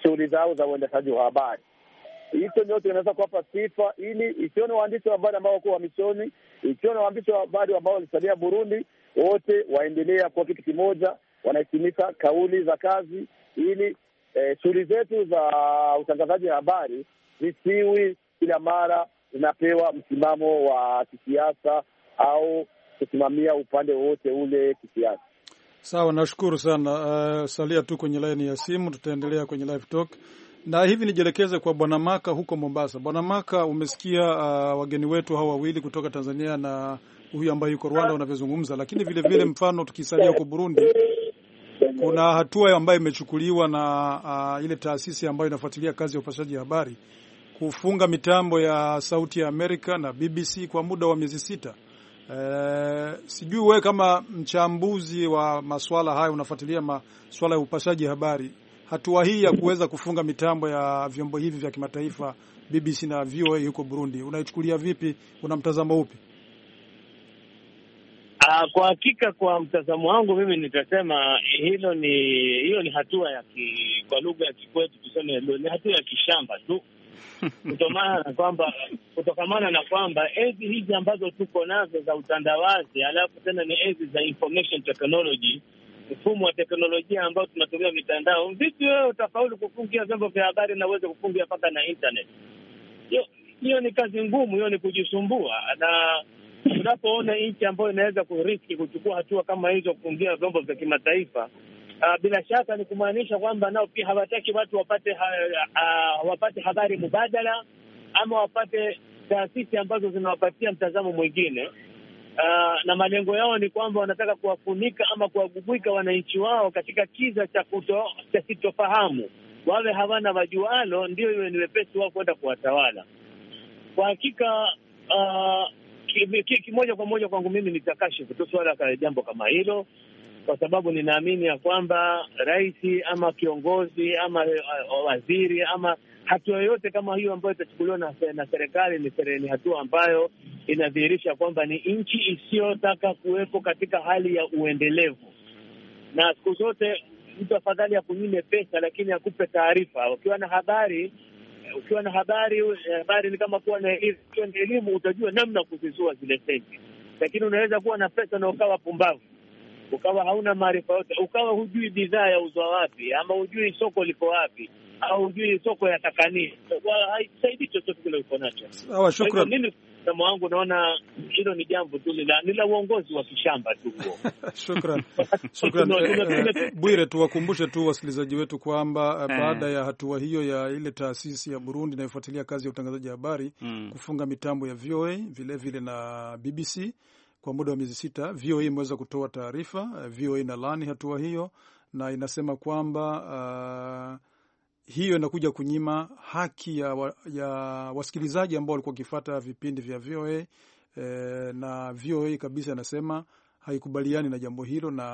shughuli zao za uendeshaji wa habari. Hicho nyote inaweza kuwapa sifa ili ikiona waandishi wa habari ambao wako wamishoni, ikiona waandishi wa habari ambao walisalia Burundi, wote waendelea kuwa kitu kimoja, wanaheshimisha kauli za kazi ili eh, shughuli zetu za utangazaji wa habari zisiwi kila mara zinapewa msimamo wa kisiasa au kusimamia upande wowote ule kisiasa. Sawa, nashukuru sana. Uh, salia tu kwenye laini ya simu, tutaendelea kwenye live talk na hivi nijielekeze kwa Bwana Maka huko Mombasa. Bwana Maka, umesikia uh, wageni wetu hawa wawili kutoka Tanzania na huyu ambaye yuko Rwanda wanavyozungumza, lakini vile vile mfano tukisalia huko Burundi kuna hatua ambayo imechukuliwa na uh, ile taasisi ambayo inafuatilia kazi ya upashaji habari kufunga mitambo ya Sauti ya Amerika na BBC kwa muda wa miezi sita. Eh, sijui wewe kama mchambuzi wa masuala haya unafuatilia masuala ya upashaji habari, hatua hii ya kuweza kufunga mitambo ya vyombo hivi vya kimataifa BBC na VOA huko Burundi unaichukulia vipi? Una mtazamo upi? Uh, kwa hakika kwa mtazamo wangu mimi nitasema hilo ni hiyo ni hatua ya ki, kwa lugha ya kikwetu tuseme ni hatua ya kishamba tu kutokana na kwamba kutokamana na kwamba enzi hizi ambazo tuko nazo za utandawazi, alafu tena ni enzi za information technology, mfumo wa teknolojia ambao tunatumia mitandao. Vipi wewe utafaulu kufungia vyombo vya habari na uweze kufungia mpaka na internet? Hiyo ni kazi ngumu, hiyo ni kujisumbua. Na tunapoona nchi ambayo inaweza kuriski kuchukua hatua kama hizo, kufungia vyombo vya kimataifa Uh, bila shaka ni kumaanisha kwamba nao pia hawataki watu wapate ha, uh, wapate habari mubadala ama wapate taasisi ambazo zinawapatia mtazamo mwingine. Uh, na malengo yao ni kwamba wanataka kuwafunika ama kuwagubika wananchi wao katika kiza cha kuto cha sitofahamu, wawe hawana wajualo, ndio iwe ni wepesi wao kwenda kuwatawala. Kwa hakika uh, kimoja kwa moja kwangu mimi nitakashifu tu swala ka jambo kama hilo kwa sababu ninaamini ya kwamba rais ama kiongozi ama uh, waziri ama hatua yoyote kama hiyo ambayo itachukuliwa na, na serikali ni hatua ambayo inadhihirisha kwamba ni nchi isiyotaka kuwepo katika hali ya uendelevu. Na siku zote mtu afadhali akunyime pesa, lakini akupe taarifa. Ukiwa na habari, ukiwa na habari, habari ni kama kuwa na elimu. Ukiwa na elimu, utajua namna kuzizua zile senti, lakini unaweza kuwa na pesa na ukawa pumbavu ukawa hauna maarifa yote, ukawa hujui bidhaa yauzwa wapi, ama hujui soko liko wapi, au hujui soko yataka nini, haisaidii chochote kile uko nacho. Sawa, Mimi mtazamo wangu naona hilo ni jambo tu ni la uongozi wa kishamba tu huo. (laughs) (laughs) Eh, eh, Bwire, tuwakumbushe tu wasikilizaji wetu kwamba eh, hmm. baada ya hatua hiyo ya ile taasisi ya Burundi inayofuatilia kazi ya utangazaji habari hmm. kufunga mitambo ya VOA vilevile vile na BBC kwa muda wa miezi sita. VOA imeweza kutoa taarifa, VOA inalani hatua hiyo na inasema kwamba uh, hiyo inakuja kunyima haki ya, wa, ya wasikilizaji ambao walikuwa wakifata vipindi vya VOA eh, na VOA kabisa inasema haikubaliani na jambo hilo, na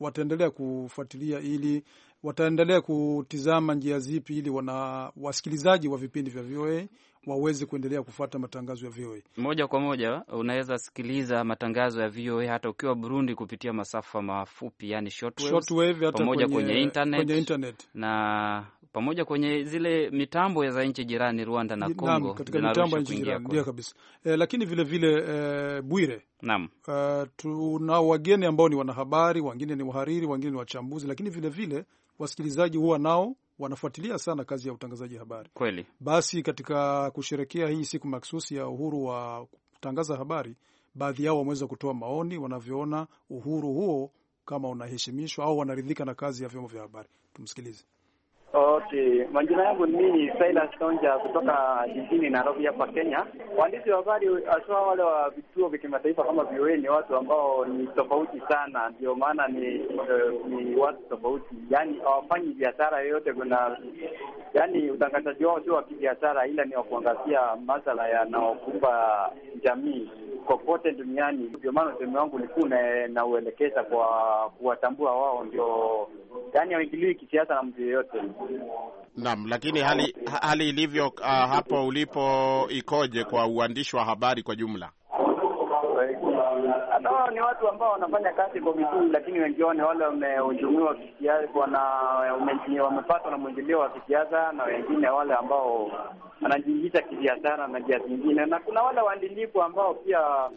wataendelea kufuatilia ili wataendelea kutizama njia zipi ili wana wasikilizaji wa vipindi vya VOA waweze kuendelea kufuata matangazo ya VOA moja kwa moja. Unaweza sikiliza matangazo ya VOA hata ukiwa Burundi kupitia masafa mafupi, yani shortwave, shortwave pamoja kwenye, kwenye, internet, kwenye internet na pamoja kwenye zile mitambo za nchi jirani Rwanda na Kongo katika mitambo ya nchi jirani ndio kabisa. E, lakini vile vile e, Bwire, naam, e, eh, tuna wageni ambao ni wanahabari, wengine ni wahariri, wengine ni wachambuzi, lakini vile vile wasikilizaji huwa nao wanafuatilia sana kazi ya utangazaji habari kweli. Basi katika kusherekea hii siku maksusi ya uhuru wa kutangaza habari, baadhi yao wameweza kutoa maoni wanavyoona uhuru huo kama unaheshimishwa au wanaridhika na kazi ya vyombo vya habari. Tumsikilize. Okay, majina yangu ni Silas Tonja kutoka jijini Nairobi hapa Kenya. Waandishi wa habari haswa wale wa vituo vya kimataifa kama VOA ni watu ambao ni tofauti sana, ndio maana ni uh, ni watu tofauti, yaani hawafanyi biashara yoyote. Kuna yaani utangazaji wao sio wa kibiashara, ila ni wakuangazia masala yanaokumba jamii kokote duniani. Ndio maana usemi wangu ulikuwa nauelekeza kwa kuwatambua wao, ndio yaani haingiliwi kisiasa na mtu yeyote. Naam, lakini hali hali ilivyo uh, hapo ulipo ikoje kwa uandishi wa habari kwa jumla? No, ni watu ambao wanafanya kazi kwa vizuri lakini wengi wao ni wale wamehujumiwa kisiasa, wamepatwa na mwingilio wa kisiasa, na wengine wale ambao wanajiingiza kibiashara na njia zingine, na kuna wale waandilifu ambao pia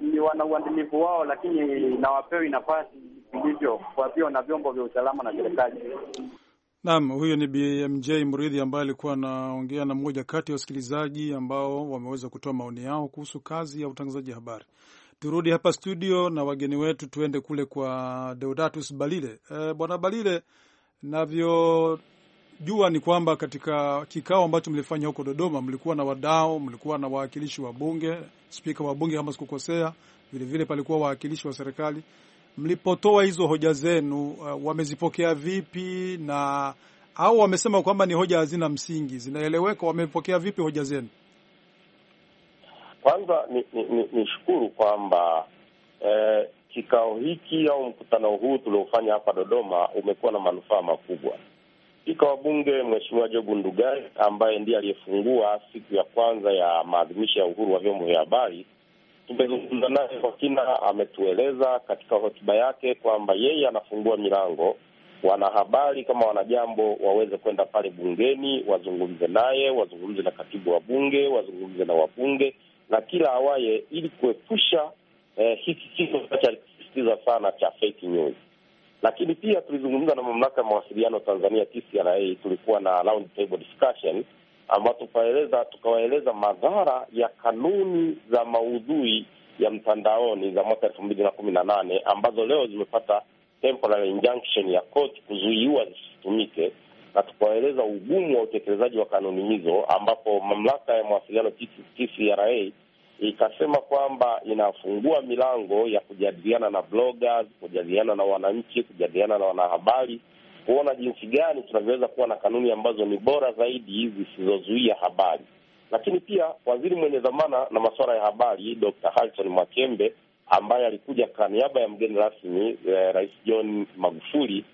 ni wana uandilifu wao, lakini nawapewi nafasi vilivyo kwa pia na vyombo vya usalama na serikali. Naam, huyo ni BMJ Mridhi ambaye alikuwa anaongea na mmoja kati ya wasikilizaji ambao wameweza kutoa maoni yao kuhusu kazi ya utangazaji habari. Turudi hapa studio na wageni wetu, tuende kule kwa Deodatus Balile. E, bwana Balile, navyojua ni kwamba katika kikao ambacho mlifanya huko Dodoma mlikuwa na wadau, mlikuwa na wawakilishi wa bunge, spika wa bunge kama sikukosea, vilevile palikuwa wawakilishi wa serikali mlipotoa hizo hoja zenu uh, wamezipokea vipi? Na au wamesema kwamba ni hoja hazina msingi, zinaeleweka, wamepokea vipi hoja zenu? Kwanza nishukuru ni, ni, ni kwamba eh, kikao hiki au mkutano huu tuliofanya hapa Dodoma umekuwa na manufaa makubwa. Spika wa Bunge Mheshimiwa Jobu Ndugai ambaye ndiye aliyefungua siku ya kwanza ya maadhimisho ya uhuru wa vyombo vya habari Tumezungumza naye kwa kina, ametueleza katika hotuba yake kwamba yeye anafungua milango wanahabari kama wanajambo waweze kwenda pale bungeni, wazungumze naye, wazungumze na katibu wa bunge, wazungumze na wabunge na kila awaye, ili kuepusha eh, hiki kitu ambacho alikisisitiza sana cha fake news. Lakini pia tulizungumza na mamlaka ya mawasiliano Tanzania TCRA, tulikuwa na round table discussion ambao tukaeleza tukawaeleza madhara ya kanuni za maudhui ya mtandaoni za mwaka elfu mbili na kumi na nane ambazo leo zimepata temporary injunction ya court kuzuiwa zisitumike, na tukawaeleza ugumu wa utekelezaji wa kanuni hizo, ambapo mamlaka ya mawasiliano TCRA ikasema kwamba inafungua milango ya kujadiliana na bloggers, kujadiliana na wananchi, kujadiliana na wanahabari kuona jinsi gani tunavyoweza kuwa na kanuni ambazo ni bora zaidi zisizozuia habari. Lakini pia waziri mwenye dhamana na masuala ya habari Dr. Halton Mwakembe ambaye alikuja kwa niaba ya mgeni rasmi eh, Rais John Magufuli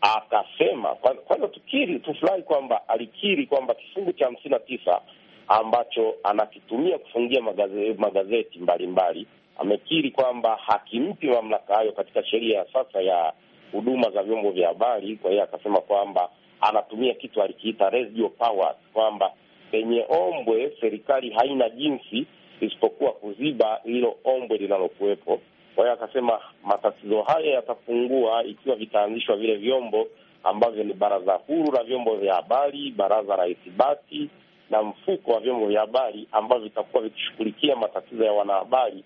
akasema, kwanza tukiri tufurahi kwamba alikiri kwamba kifungu cha hamsini na tisa ambacho anakitumia kufungia magazeti, magazeti mbalimbali Amekiri kwamba hakimpi mamlaka hayo katika sheria ya sasa ya huduma za vyombo vya habari. Kwa hiyo akasema kwamba anatumia kitu alikiita radio powers, kwamba penye ombwe serikali haina jinsi isipokuwa kuziba hilo ombwe linalokuwepo. Kwa hiyo akasema matatizo haya yatapungua ikiwa vitaanzishwa vile vyombo ambavyo ni baraza huru la vyombo vya habari, baraza la ithibati na mfuko wa vyombo vya habari ambavyo vitakuwa vikishughulikia matatizo ya wanahabari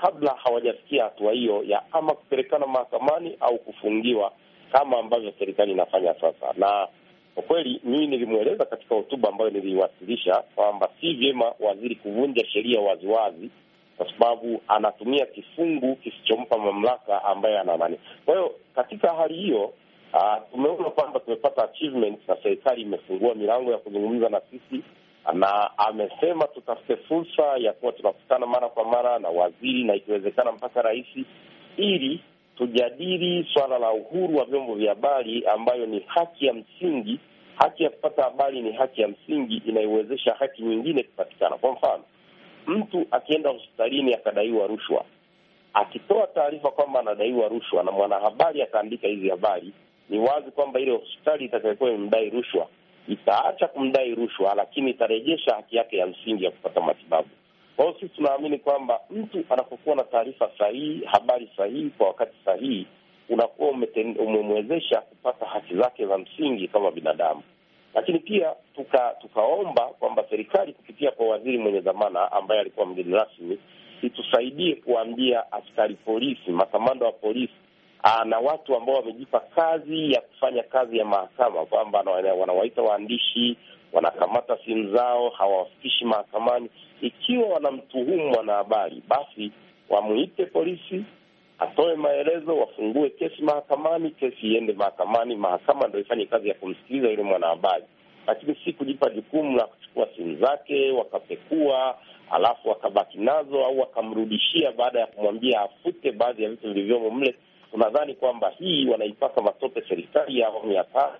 kabla hawajafikia hatua hiyo ya ama kupelekana mahakamani au kufungiwa kama ambavyo serikali inafanya sasa. Na kwa kweli mimi nilimweleza katika hotuba ambayo niliiwasilisha kwamba si vyema waziri kuvunja sheria waziwazi, kwa sababu anatumia kifungu kisichompa mamlaka ambayo ana nani. Kwa hiyo katika hali hiyo ah, tumeona kwamba tumepata achievement na serikali imefungua milango ya kuzungumza na sisi na amesema tutafute fursa ya kuwa tunakutana mara kwa mara na waziri na ikiwezekana mpaka rais, ili tujadili swala la uhuru wa vyombo vya habari, ambayo ni haki ya msingi. Haki ya kupata habari ni haki ya msingi inayowezesha haki nyingine kupatikana. Kwa mfano, mtu akienda hospitalini akadaiwa rushwa, akitoa taarifa kwamba anadaiwa rushwa na mwanahabari akaandika hizi habari, ni wazi kwamba ile hospitali itakayokuwa imemdai rushwa itaacha kumdai rushwa, lakini itarejesha haki yake ya msingi ya kupata matibabu. Kwa hiyo sisi tunaamini kwamba mtu anapokuwa na taarifa sahihi, habari sahihi kwa wakati sahihi, unakuwa umemwezesha kupata haki zake za msingi kama binadamu. Lakini pia tuka, tukaomba kwamba serikali kupitia kwa waziri mwenye dhamana ambaye alikuwa mgeni rasmi itusaidie kuwaambia askari polisi, makamanda wa polisi Ah, na watu ambao wamejipa kazi ya kufanya kazi ya mahakama, kwamba wanawaita waandishi, wanakamata simu zao, hawawafikishi mahakamani. Ikiwa wanamtuhumu mwanahabari, basi wamwite polisi atoe maelezo, wafungue kesi mahakamani, kesi iende mahakamani, mahakama ndo ifanye kazi ya kumsikiliza yule mwanahabari, lakini si kujipa jukumu la kuchukua simu zake wakapekua, alafu wakabaki nazo au wakamrudishia baada ya kumwambia afute baadhi ya vitu vilivyomo mle, tunadhani kwamba hii wanaipaka matope serikali ya awamu ya tano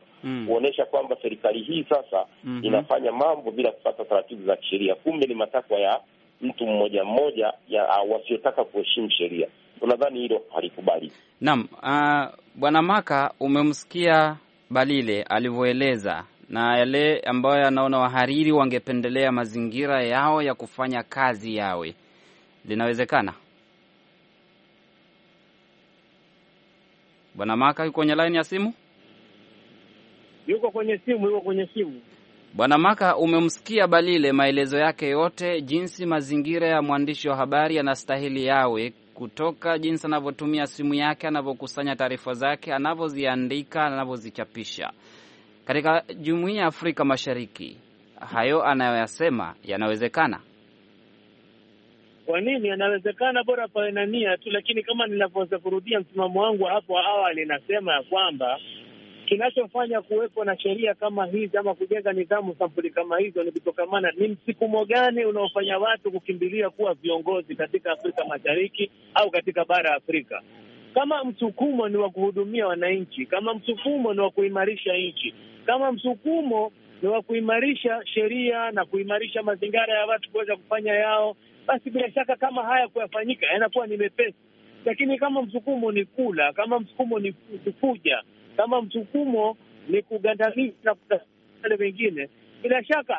kuonyesha mm. kwamba serikali hii sasa mm -hmm. inafanya mambo bila kupata taratibu za kisheria. Kumbe ni matakwa ya mtu mmoja mmoja ya ah, wasiotaka kuheshimu sheria. Tunadhani hilo halikubali? Naam, uh, Bwana Maka, umemsikia Balile alivyoeleza na yale ambayo anaona wahariri wangependelea mazingira yao ya kufanya kazi yawe linawezekana Bwana Maka yuko kwenye laini ya simu, yuko kwenye simu, yuko kwenye simu. Bwana Maka, umemsikia Balile maelezo yake yote, jinsi mazingira ya mwandishi wa habari yanastahili yawe, kutoka jinsi anavyotumia simu yake, anavyokusanya taarifa zake, anavyoziandika, anavyozichapisha. Katika jumuiya ya Afrika Mashariki, hayo anayoyasema yanawezekana? Kwa nini? Anawezekana bora pawe na nia tu, lakini kama ninavyoweza kurudia msimamo wangu hapo awali, nasema ya kwamba kinachofanya kuwepo na sheria kama hizi ama kujenga nidhamu sampuli kama hizo ni kutokamana, ni msukumo gani unaofanya watu kukimbilia kuwa viongozi katika Afrika Mashariki au katika bara ya Afrika? Kama msukumo ni wa kuhudumia wananchi, kama msukumo ni wa kuimarisha nchi, kama msukumo ni wa kuimarisha sheria na kuimarisha mazingira ya watu kuweza kufanya yao basi bila shaka kama haya kuyafanyika yanakuwa ni mepesi. Lakini kama msukumo ni kula, kama msukumo ni kufuja, kama msukumo ni kugandamiza na wale wengine, bila shaka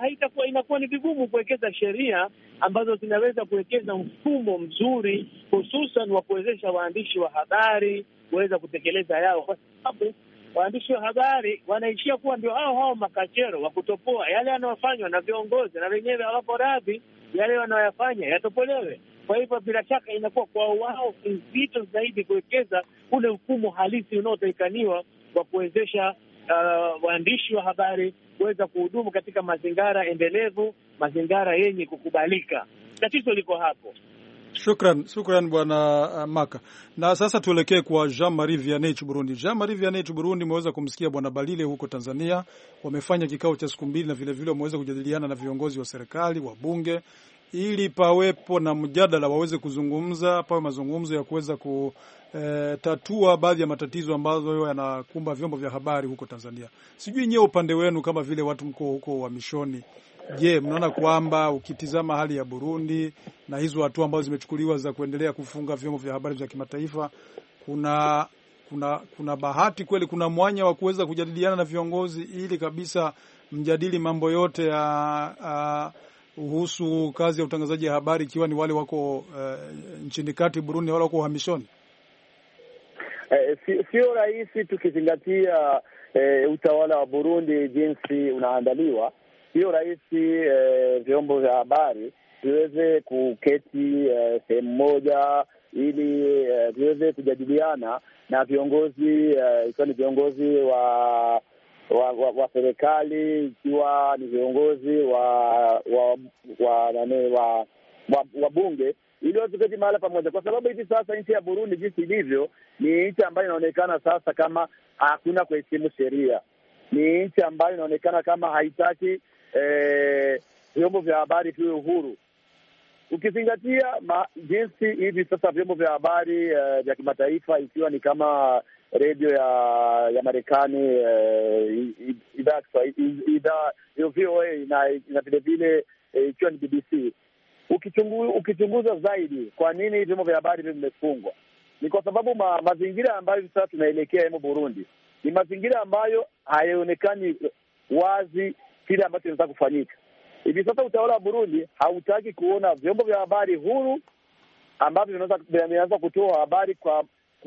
haitakuwa inakuwa ni vigumu kuwekeza sheria ambazo zinaweza kuwekeza mfumo mzuri, hususan wa kuwezesha waandishi wa habari kuweza kutekeleza yao, kwa sababu waandishi wa habari wanaishia kuwa ndio hao hao makachero wa kutopoa yale yanayofanywa na viongozi, na wenyewe hawako radhi yale wanayoyafanya yatopolewe. Kwa hivyo, bila shaka inakuwa kwa wao nzito zaidi kuwekeza ule mfumo halisi unaotakikaniwa wa kuwezesha uh, waandishi wa habari kuweza kuhudumu katika mazingara endelevu, mazingara yenye kukubalika. Tatizo liko hapo. Shukran, shukran bwana uh, Maka. Na sasa tuelekee kwa Jean Marie Vianney Burundi. Jean Marie Vianney Burundi, umeweza kumsikia bwana Balile huko Tanzania, wamefanya kikao cha siku mbili na vilevile wameweza kujadiliana na viongozi wa serikali, wa bunge ili pawepo na mjadala, waweze kuzungumza, pawe mazungumzo ya kuweza kutatua eh, baadhi ya matatizo ambayo yanakumba vyombo vya habari huko Tanzania. Sijui nyewe upande wenu, kama vile watu mko huko wa mishoni Je, mnaona kwamba ukitizama hali ya Burundi na hizo hatua ambazo zimechukuliwa za kuendelea kufunga vyombo vya habari vya kimataifa, kuna kuna kuna bahati kweli, kuna mwanya wa kuweza kujadiliana na viongozi ili kabisa mjadili mambo yote ya kuhusu kazi ya utangazaji ya habari, ikiwa ni wale wako uh, nchini kati Burundi, wale wako uhamishoni. Eh, sio rahisi tukizingatia eh, utawala wa Burundi jinsi unaandaliwa hiyo rahisi vyombo eh, vyombo vya habari viweze kuketi eh, sehemu moja ili e, viweze kujadiliana na viongozi eh, ikiwa ni viongozi wa wa, wa, wa serikali ikiwa ni viongozi wa wa wa nani wa wabunge wa ili mahala pamoja, kwa sababu hivi sasa nchi ya Burundi jinsi ilivyo ni nchi ambayo inaonekana sasa kama hakuna kuheshimu sheria, ni nchi ambayo inaonekana kama haitaki Eh, vyombo vya habari viwe uhuru, ukizingatia ma, jinsi hivi sasa vyombo vya habari eh, vya kimataifa ikiwa ni kama redio ya ya Marekani eh, idhaa VOA na vilevile eh, ikiwa ni BBC ukichungu, ukichunguza zaidi kwa nini vyombo vya habari hivyo vimefungwa ni kwa sababu ma, mazingira ambayo sasa tunaelekea yemo Burundi ni mazingira ambayo hayaonekani wazi kile ambacho inataka kufanyika hivi sasa. Utawala wa Burundi hautaki kuona vyombo vya habari huru ambavyo vinaweza kutoa habari kwa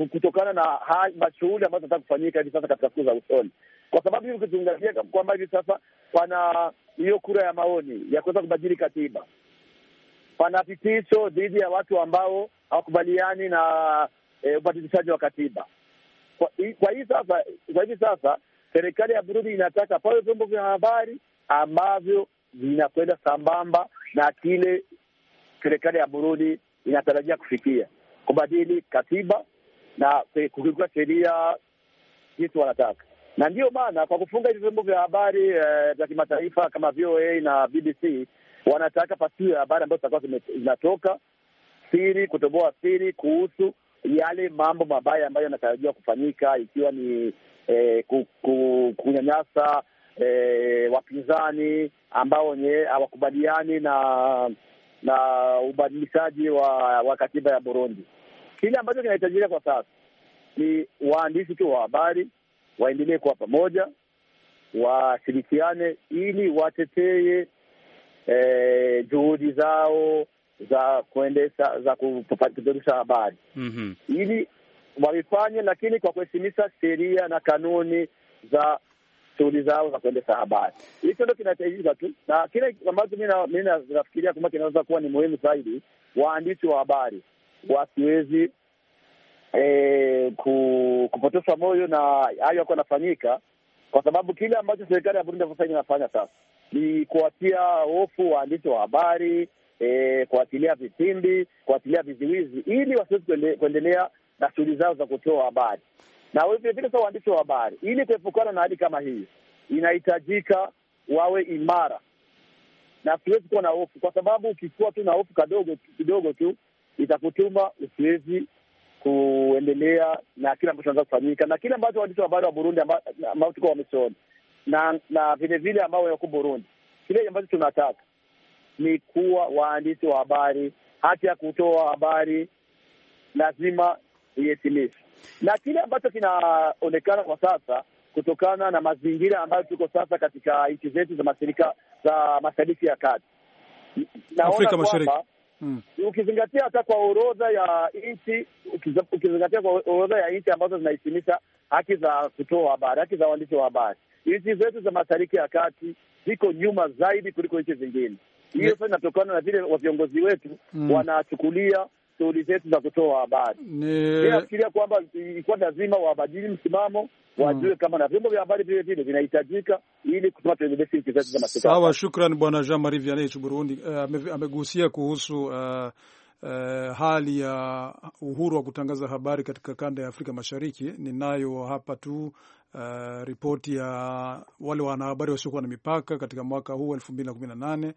kutokana na mashughuli ambazo zinataka kufanyika hivi sasa katika siku za usoni, kwa sababu hivi ukizingatia kwamba hivi sasa pana hiyo kura ya maoni ya kuweza kubadili katiba, pana vitisho dhidi ya watu ambao hawakubaliani na e, eh, ubadilishaji wa katiba. Kwa, kwa hivi sasa serikali ya Burundi inataka pawe vyombo vya habari ambavyo vinakwenda sambamba na kile serikali ya Burundi inatarajia kufikia, kubadili katiba na kukiuka sheria jinsi wanataka. Na ndiyo maana kwa kufunga hivi vyombo vya habari eh, vya eh, kimataifa kama VOA na BBC wanataka pasiwe habari ambazo zitakuwa zinatoka siri, kutoboa siri kuhusu yale mambo mabaya ambayo yanatarajiwa kufanyika, ikiwa ni eh, kunyanyasa e, wapinzani ambao wenye hawakubaliani na na ubadilishaji wa, wa katiba ya Burundi. Kile ambacho kinahitajika kwa sasa ni waandishi tu wa habari waendelee kuwa pamoja, washirikiane ili watetee e, juhudi zao za kuendesha za kupeperusha habari mm -hmm. ili wavifanye, lakini kwa kuheshimisha sheria na kanuni za shughuli zao za kuendesha habari. Hicho ndo kinahitajika tu, na kile ambacho mi nafikiria kwamba kinaweza kuwa ni muhimu zaidi, waandishi wa habari wasiwezi e, kupotosha moyo na hayo yako anafanyika, kwa sababu kile ambacho serikali ya Burundi sasa inafanya sasa ni kuwatia hofu waandishi wa habari e, kuwatilia vitimbi, kuwatilia viziwizi ili wasiwezi kuendelea na shughuli zao za kutoa habari na vilevile sa waandishi wa habari, ili kuepukana na hali kama hii, inahitajika wawe imara, na siwezi kuwa na hofu, kwa sababu ukikuwa tu na hofu kadogo kidogo tu itakutuma usiwezi kuendelea na kile ambacho naeza kufanyika na kile ambacho waandishi wa habari wa Burundi ambao tuko wamesoni na na vilevile ambao wako Burundi, kile ambacho tunataka ni kuwa waandishi wa habari, haki ya kutoa habari lazima ihitimishe. Na kile ambacho kinaonekana kwa sasa kutokana na mazingira ambayo tuko sasa katika nchi zetu za mashirika za mashariki ya kati, naona kwamba hmm, ukizingatia hata kwa orodha ya nchi, ukizingatia kwa orodha ya nchi ambazo zinahitimisha haki za kutoa habari, haki za waandishi wa habari, nchi zetu za mashariki ya kati ziko nyuma zaidi kuliko nchi zingine. Hiyo sasa inatokana na vile viongozi wetu hmm, wanachukulia shughuli zetu za kutoa habari. Nafikiria kwamba ilikuwa lazima wabadili msimamo, wajue mm. kama na vyombo vya habari vile vile vinahitajika ili kutoa sawa. Shukran Bwana Jean Marie Vianney Burundi. Uh, amegusia kuhusu uh, Uh, hali ya uhuru wa kutangaza habari katika kanda ya Afrika Mashariki. Ninayo hapa tu uh, ripoti ya wale wanahabari wasiokuwa na mipaka katika mwaka huu elfu mbili na kumi na nane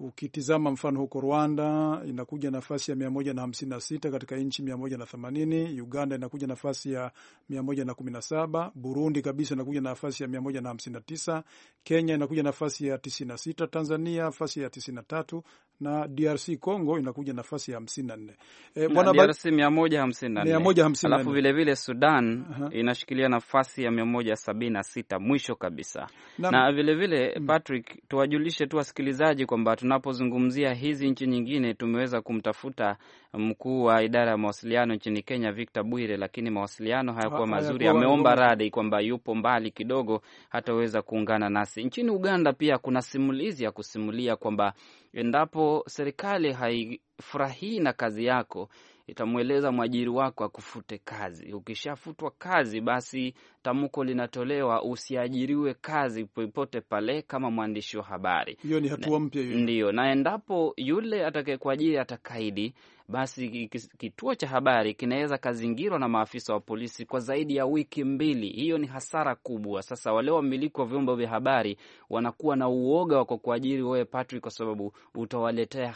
Ukitizama mfano huko Rwanda inakuja nafasi ya mia moja na hamsini na sita katika nchi mia moja na themanini. Uganda inakuja nafasi ya mia moja na kumi na saba. Burundi kabisa inakuja nafasi ya mia moja na hamsini na tisa. Kenya inakuja nafasi ya tisini na sita. Tanzania nafasi ya tisini na tatu na DRC Congo inakuja nafasi ya hamsini na nne. E, bwana DRC mia moja hamsini na nne. Alafu vilevile Sudan uh -huh. inashikilia nafasi ya mia moja sabini na sita mwisho kabisa na, na vilevile hmm. Patrick, tuwajulishe tu wasikilizaji kwamba tunapozungumzia hizi nchi nyingine, tumeweza kumtafuta mkuu wa idara ya mawasiliano nchini Kenya, Victor Bwire, lakini mawasiliano hayakuwa mazuri. Ameomba radhi kwamba yupo mbali kidogo, hataweza kuungana nasi. Nchini Uganda pia kuna simulizi ya kusimulia kwamba endapo serikali haifurahii na kazi yako itamweleza mwajiri wako akufute kazi. Ukishafutwa kazi, basi tamko linatolewa usiajiriwe kazi popote pale kama mwandishi wa habari. Hiyo ni hatua mpya hiyo, ndio. Na endapo yule atakayekuajiri atakaidi, basi kituo cha habari kinaweza kazingirwa na maafisa wa polisi kwa zaidi ya wiki mbili. Hiyo ni hasara kubwa. Sasa wale wamiliki wa vyombo vya habari wanakuwa na uoga wa kukuajiri wewe Patrick, kwa sababu utawaletea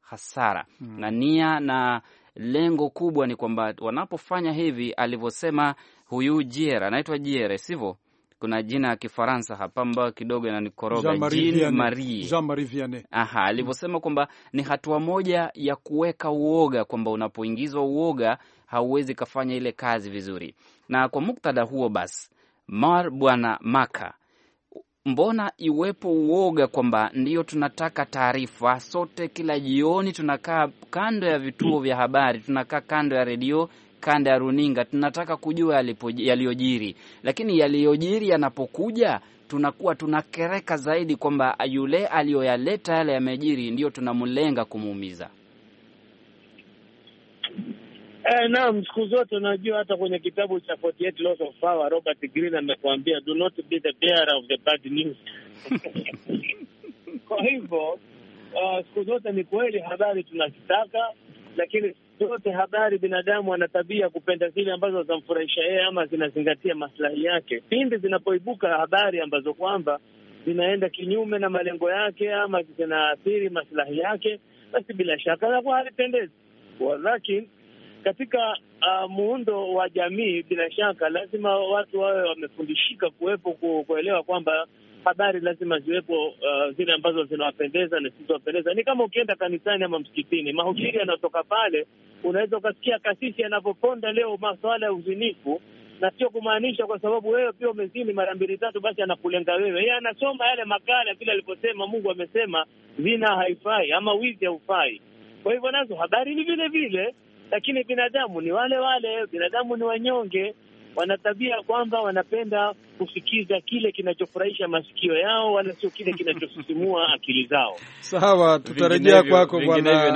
hasara hmm. na nia na lengo kubwa ni kwamba wanapofanya hivi, alivyosema huyu Jiera, anaitwa Jier sivyo? Kuna jina ya Kifaransa hapa ambayo kidogo inanikoroga, Jean Marie, Jean Marie Vianney, aha, alivyosema kwamba ni hatua moja ya kuweka uoga, kwamba unapoingizwa uoga hauwezi kafanya ile kazi vizuri. Na kwa muktadha huo basi, Mar Bwana Maka mbona iwepo uoga kwamba ndiyo tunataka taarifa sote? Kila jioni tunakaa kando ya vituo vya habari, tunakaa kando ya redio, kando ya runinga, tunataka kujua yaliyojiri, lakini yaliyojiri yanapokuja tunakuwa tunakereka zaidi kwamba yule aliyoyaleta yale yamejiri, ndiyo tunamlenga kumuumiza. Eh, naam, siku zote unajua, hata kwenye kitabu cha 48 Laws of Power Robert Greene amekuambia do not be the bearer of the bad news. (laughs) Kwa hivyo uh, siku zote ni kweli habari tunazitaka, lakini zote habari, binadamu ana tabia kupenda zile ambazo zinamfurahisha yeye ama zinazingatia maslahi yake. Pindi zinapoibuka habari ambazo kwamba zinaenda kinyume na malengo yake ama zinaathiri maslahi yake, basi bila shaka nakuwa halipendezi, walakini katika uh, muundo wa jamii, bila shaka lazima watu wawe wamefundishika kuwepo kuelewa kwamba habari lazima ziwepo, uh, zile ambazo zinawapendeza na zisizowapendeza. Ni kama ukienda kanisani ama msikitini, mahubiri yanatoka pale, unaweza ukasikia kasisi anavyoponda leo masuala ya uzinifu, na sio kumaanisha kwa sababu wewe pia umezini mara mbili tatu, basi anakulenga wewe. Yeye anasoma yale makala vile alivyosema, Mungu amesema zina haifai ama wizi haufai. Kwa hivyo nazo habari ni vile vile lakini binadamu ni wale wale, binadamu ni wanyonge, wana tabia kwamba wanapenda kusikiza kile kinachofurahisha masikio yao wala sio kile kinachosisimua (laughs) akili zao. Sawa, tutarejea kwako bwana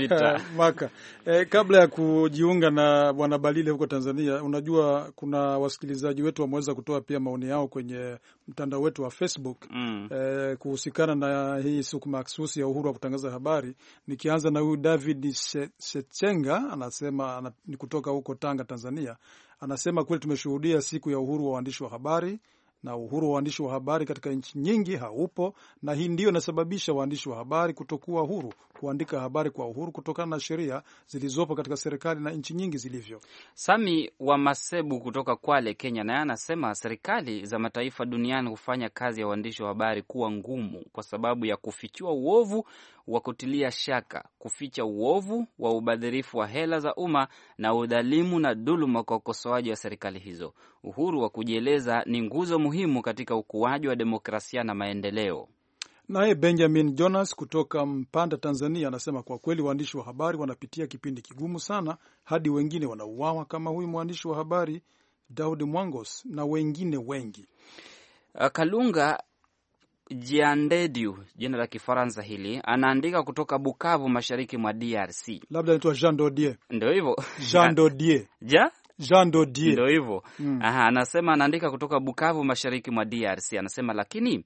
eh, (laughs) Maka. E, kabla ya kujiunga na bwana Balile huko Tanzania, unajua kuna wasikilizaji wetu wameweza kutoa pia maoni yao kwenye mtandao wetu wa Facebook mm. E, kuhusikana na hii siku mahsusi ya uhuru wa kutangaza habari, nikianza na huyu David shechenga anasema ni kutoka huko Tanga, Tanzania Anasema kweli tumeshuhudia siku ya uhuru wa waandishi wa habari na uhuru wa waandishi wa habari katika nchi nyingi haupo, na hii ndiyo inasababisha waandishi wa habari kutokuwa huru kuandika habari kwa uhuru kutokana na sheria zilizopo katika serikali na nchi nyingi zilivyo. Sami wa Masebu kutoka Kwale, Kenya, naye anasema serikali za mataifa duniani hufanya kazi ya waandishi wa habari kuwa ngumu kwa sababu ya kufichua uovu wa kutilia shaka, kuficha uovu wa ubadhirifu wa hela za umma na udhalimu na dhuluma kwa ukosoaji wa serikali hizo. Uhuru wa kujieleza ni nguzo muhimu katika ukuaji wa demokrasia na maendeleo. Naye Benjamin Jonas kutoka Mpanda, Tanzania, anasema kwa kweli waandishi wa habari wanapitia kipindi kigumu sana, hadi wengine wanauawa kama huyu mwandishi wa habari Daud Mwangos na wengine wengi. Kalunga Jiandedieu, jina la Kifaransa hili, anaandika kutoka Bukavu, mashariki mwa DRC. Labda anaitwa Jean Dodier, ndio hivyo Jean Dodier ja Jean Dodier, ndio hivyo mm. Aha, anasema anaandika kutoka Bukavu, mashariki mwa DRC. Anasema lakini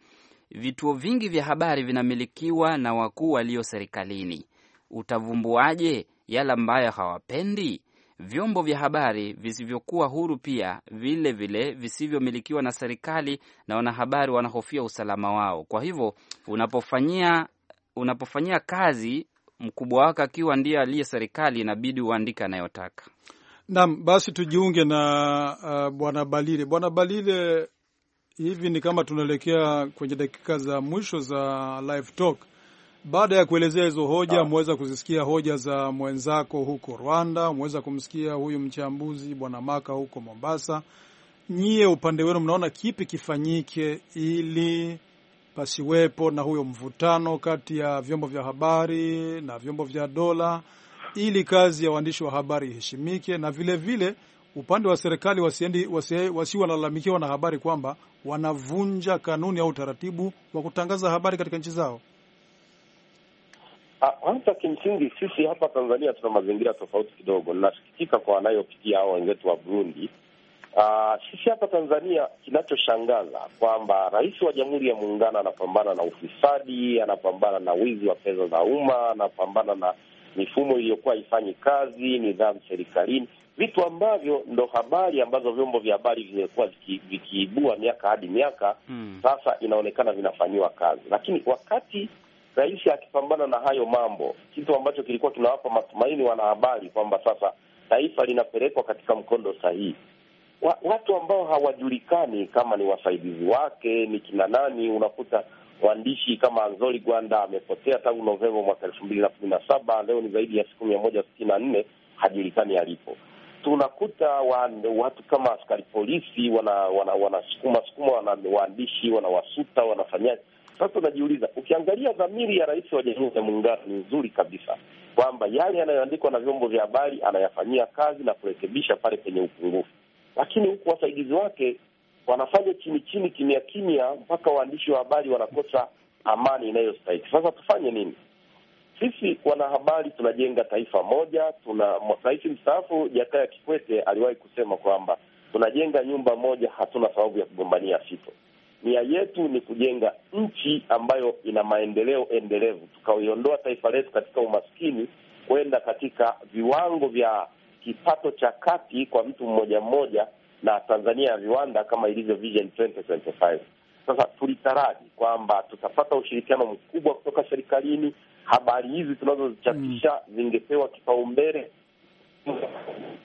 vituo vingi vya habari vinamilikiwa na wakuu walio serikalini, utavumbuaje yale ambayo hawapendi? vyombo vya habari visivyokuwa huru pia vile vile visivyomilikiwa na serikali na wanahabari wanahofia usalama wao. Kwa hivyo unapofanyia unapofanyia kazi mkubwa wako akiwa ndiye aliye serikali, inabidi uandike anayotaka. Naam, basi tujiunge na uh, bwana Balile. Bwana Balile, hivi ni kama tunaelekea kwenye dakika za mwisho za live talk baada ya kuelezea hizo hoja, ameweza ah. kuzisikia hoja za mwenzako huko Rwanda, umeweza kumsikia huyu mchambuzi Bwana Maka huko Mombasa. Nyie upande wenu mnaona kipi kifanyike ili pasiwepo na huyo mvutano kati ya vyombo vya habari na vyombo vya dola, ili kazi ya waandishi wa habari iheshimike, na vile vile upande wa serikali wasiendi wasi na habari kwamba wanavunja kanuni au utaratibu wa kutangaza habari katika nchi zao? Ah, hata kimsingi, sisi hapa Tanzania tuna mazingira tofauti kidogo. Ninasikitika kwa wanayopitia hao wenzetu wa Burundi. Uh, sisi hapa Tanzania kinachoshangaza kwamba rais wa Jamhuri ya Muungano anapambana na ufisadi, anapambana na wizi wa fedha za umma, anapambana na mifumo iliyokuwa haifanyi kazi, nidhamu serikalini, vitu ambavyo ndo habari ambazo vyombo vya habari vimekuwa vikiibua miaka hadi miaka hmm. Sasa inaonekana vinafanyiwa kazi, lakini wakati rais akipambana na hayo mambo, kitu ambacho kilikuwa kinawapa matumaini wanahabari kwamba sasa taifa linapelekwa katika mkondo sahihi. Wa, watu ambao hawajulikani kama ni wasaidizi wake ni kina nani, unakuta waandishi kama Anzori Gwanda amepotea tangu Novemba mwaka elfu mbili na kumi na saba. Leo ni zaidi ya siku mia moja sitini na nne hajulikani alipo. Tunakuta wa, watu kama askari polisi wanasukuma wana, wana sukuma wana, waandishi wanawasuta wanafanya sasa unajiuliza ukiangalia dhamiri ya rais wa Jamhuri ya Muungano ni nzuri kabisa, kwamba yale yanayoandikwa na vyombo vya habari anayafanyia kazi na kurekebisha pale penye upungufu, lakini huku wasaidizi wake wanafanya chini chini, kimya kimya, mpaka waandishi wa habari wanakosa amani inayostahiki. Sasa tufanye nini? Sisi wanahabari tunajenga taifa moja. Tuna rais mstaafu Jakaya Kikwete aliwahi kusema kwamba tunajenga nyumba moja, hatuna sababu ya kugombania fito. Nia yetu ni kujenga nchi ambayo ina maendeleo endelevu, tukaiondoa taifa letu katika umaskini kwenda katika viwango vya kipato cha kati kwa mtu mmoja mmoja, na Tanzania ya viwanda kama ilivyo Vision 2025. Sasa tulitaraji kwamba tutapata ushirikiano mkubwa kutoka serikalini, habari hizi tunazozichapisha mm, zingepewa kipaumbele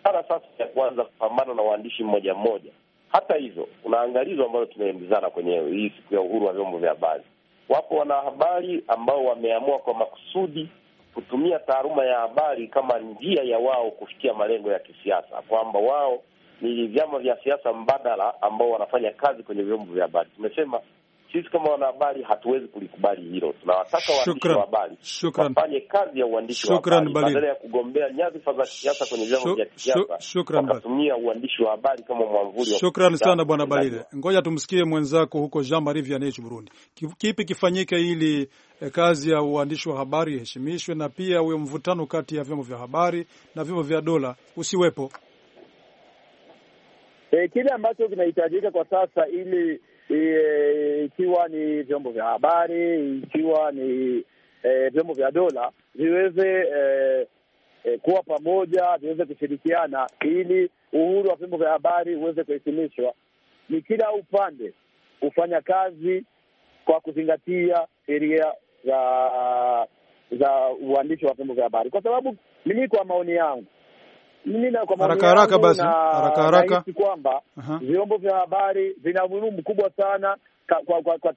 sasa ya kuanza kupambana na waandishi mmoja mmoja hata hivyo kuna angalizo ambalo tumeambizana kwenye hii siku ya uhuru wa vyombo vya habari. Wapo wanahabari ambao wameamua kwa makusudi kutumia taaluma ya habari kama njia ya wao kufikia malengo ya kisiasa, kwamba wao ni vyama vya siasa mbadala ambao wanafanya kazi kwenye vyombo vya habari. Tumesema sisi kama wanahabari hatuwezi kulikubali hilo. Tunawataka waandishi wa habari wafanye kazi ya uandishi wa habari badala ya kugombea nyadhifa za kisiasa kwenye vyama vya kisiasa, wakatumia uandishi wa habari kama mwamvuli. Shukran sana Bwana Balile, ngoja tumsikie mwenzako huko Jean Marie Vianney Burundi. Kipi kifanyike ili eh, kazi ya uandishi wa habari iheshimishwe na pia huyo mvutano kati ya vyombo vya habari na vyombo vya dola usiwepo? E, kile ambacho kinahitajika kwa sasa ili ikiwa ni vyombo vya habari, ikiwa ni e, vyombo vya dola viweze e, e, kuwa pamoja, viweze kushirikiana ili uhuru wa vyombo vya habari uweze kuheshimishwa. Ni kila upande hufanya kazi kwa kuzingatia sheria za za uandishi wa vyombo vya habari, kwa sababu mimi, kwa maoni yangu, haraka haraka basi, haraka haraka kwamba vyombo vya habari vina umuhimu mkubwa sana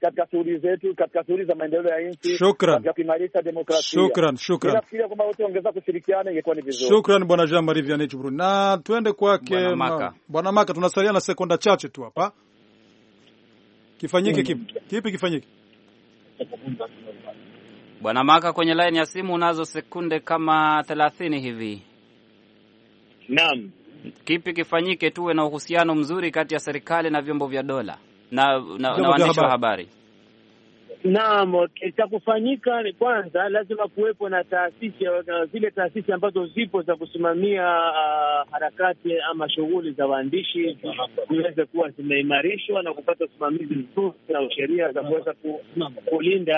katika shughuli zetu, katika shughuli za maendeleo ya nchi, katika kuimarisha demokrasia. Shukran, shukran. Nafikiria kwamba wote ongeza kushirikiana, ingekuwa ni vizuri. Shukran bwana Jean Marie Vianney Burundi, na tuende kwake bwana Maka. Bwana Maka, tunasalia na sekonda chache tu hapa. Kifanyike mm. kipi? Kipi kifanyike? Bwana Maka, kwenye line ya simu unazo sekunde kama 30 hivi. Naam. Kipi kifanyike tuwe na uhusiano mzuri kati ya serikali na vyombo vya dola na na, na waandishi wa habari? Naam, cha kufanyika ni kwanza, lazima kuwepo na taasisi zile taasisi ambazo zipo za kusimamia uh, harakati ama shughuli za waandishi ziweze kuwa zimeimarishwa na kupata usimamizi mzuri na sheria za kuweza kulinda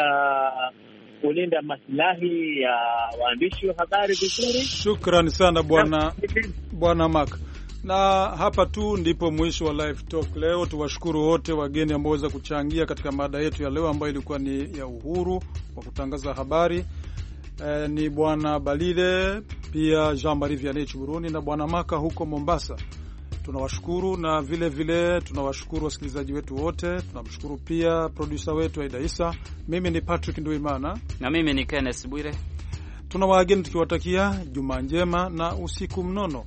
kulinda masilahi ya waandishi wa habari vizuri. Shukrani sana bwana bwana Mark na hapa tu ndipo mwisho wa live talk leo. Tuwashukuru wote wageni ambao waweza kuchangia katika mada yetu ya leo ambayo ilikuwa ni ya uhuru wa kutangaza habari. E, ni bwana Balile pia Jean Marie Vianney Buruni na bwana Maka huko Mombasa tunawashukuru na vile vile tunawashukuru wasikilizaji wetu wote. Tunamshukuru pia produsa wetu Aida Isa. Mimi ni Patrick Nduimana na mimi ni Kenneth Bwire. Tuna waageni tukiwatakia juma njema na usiku mnono.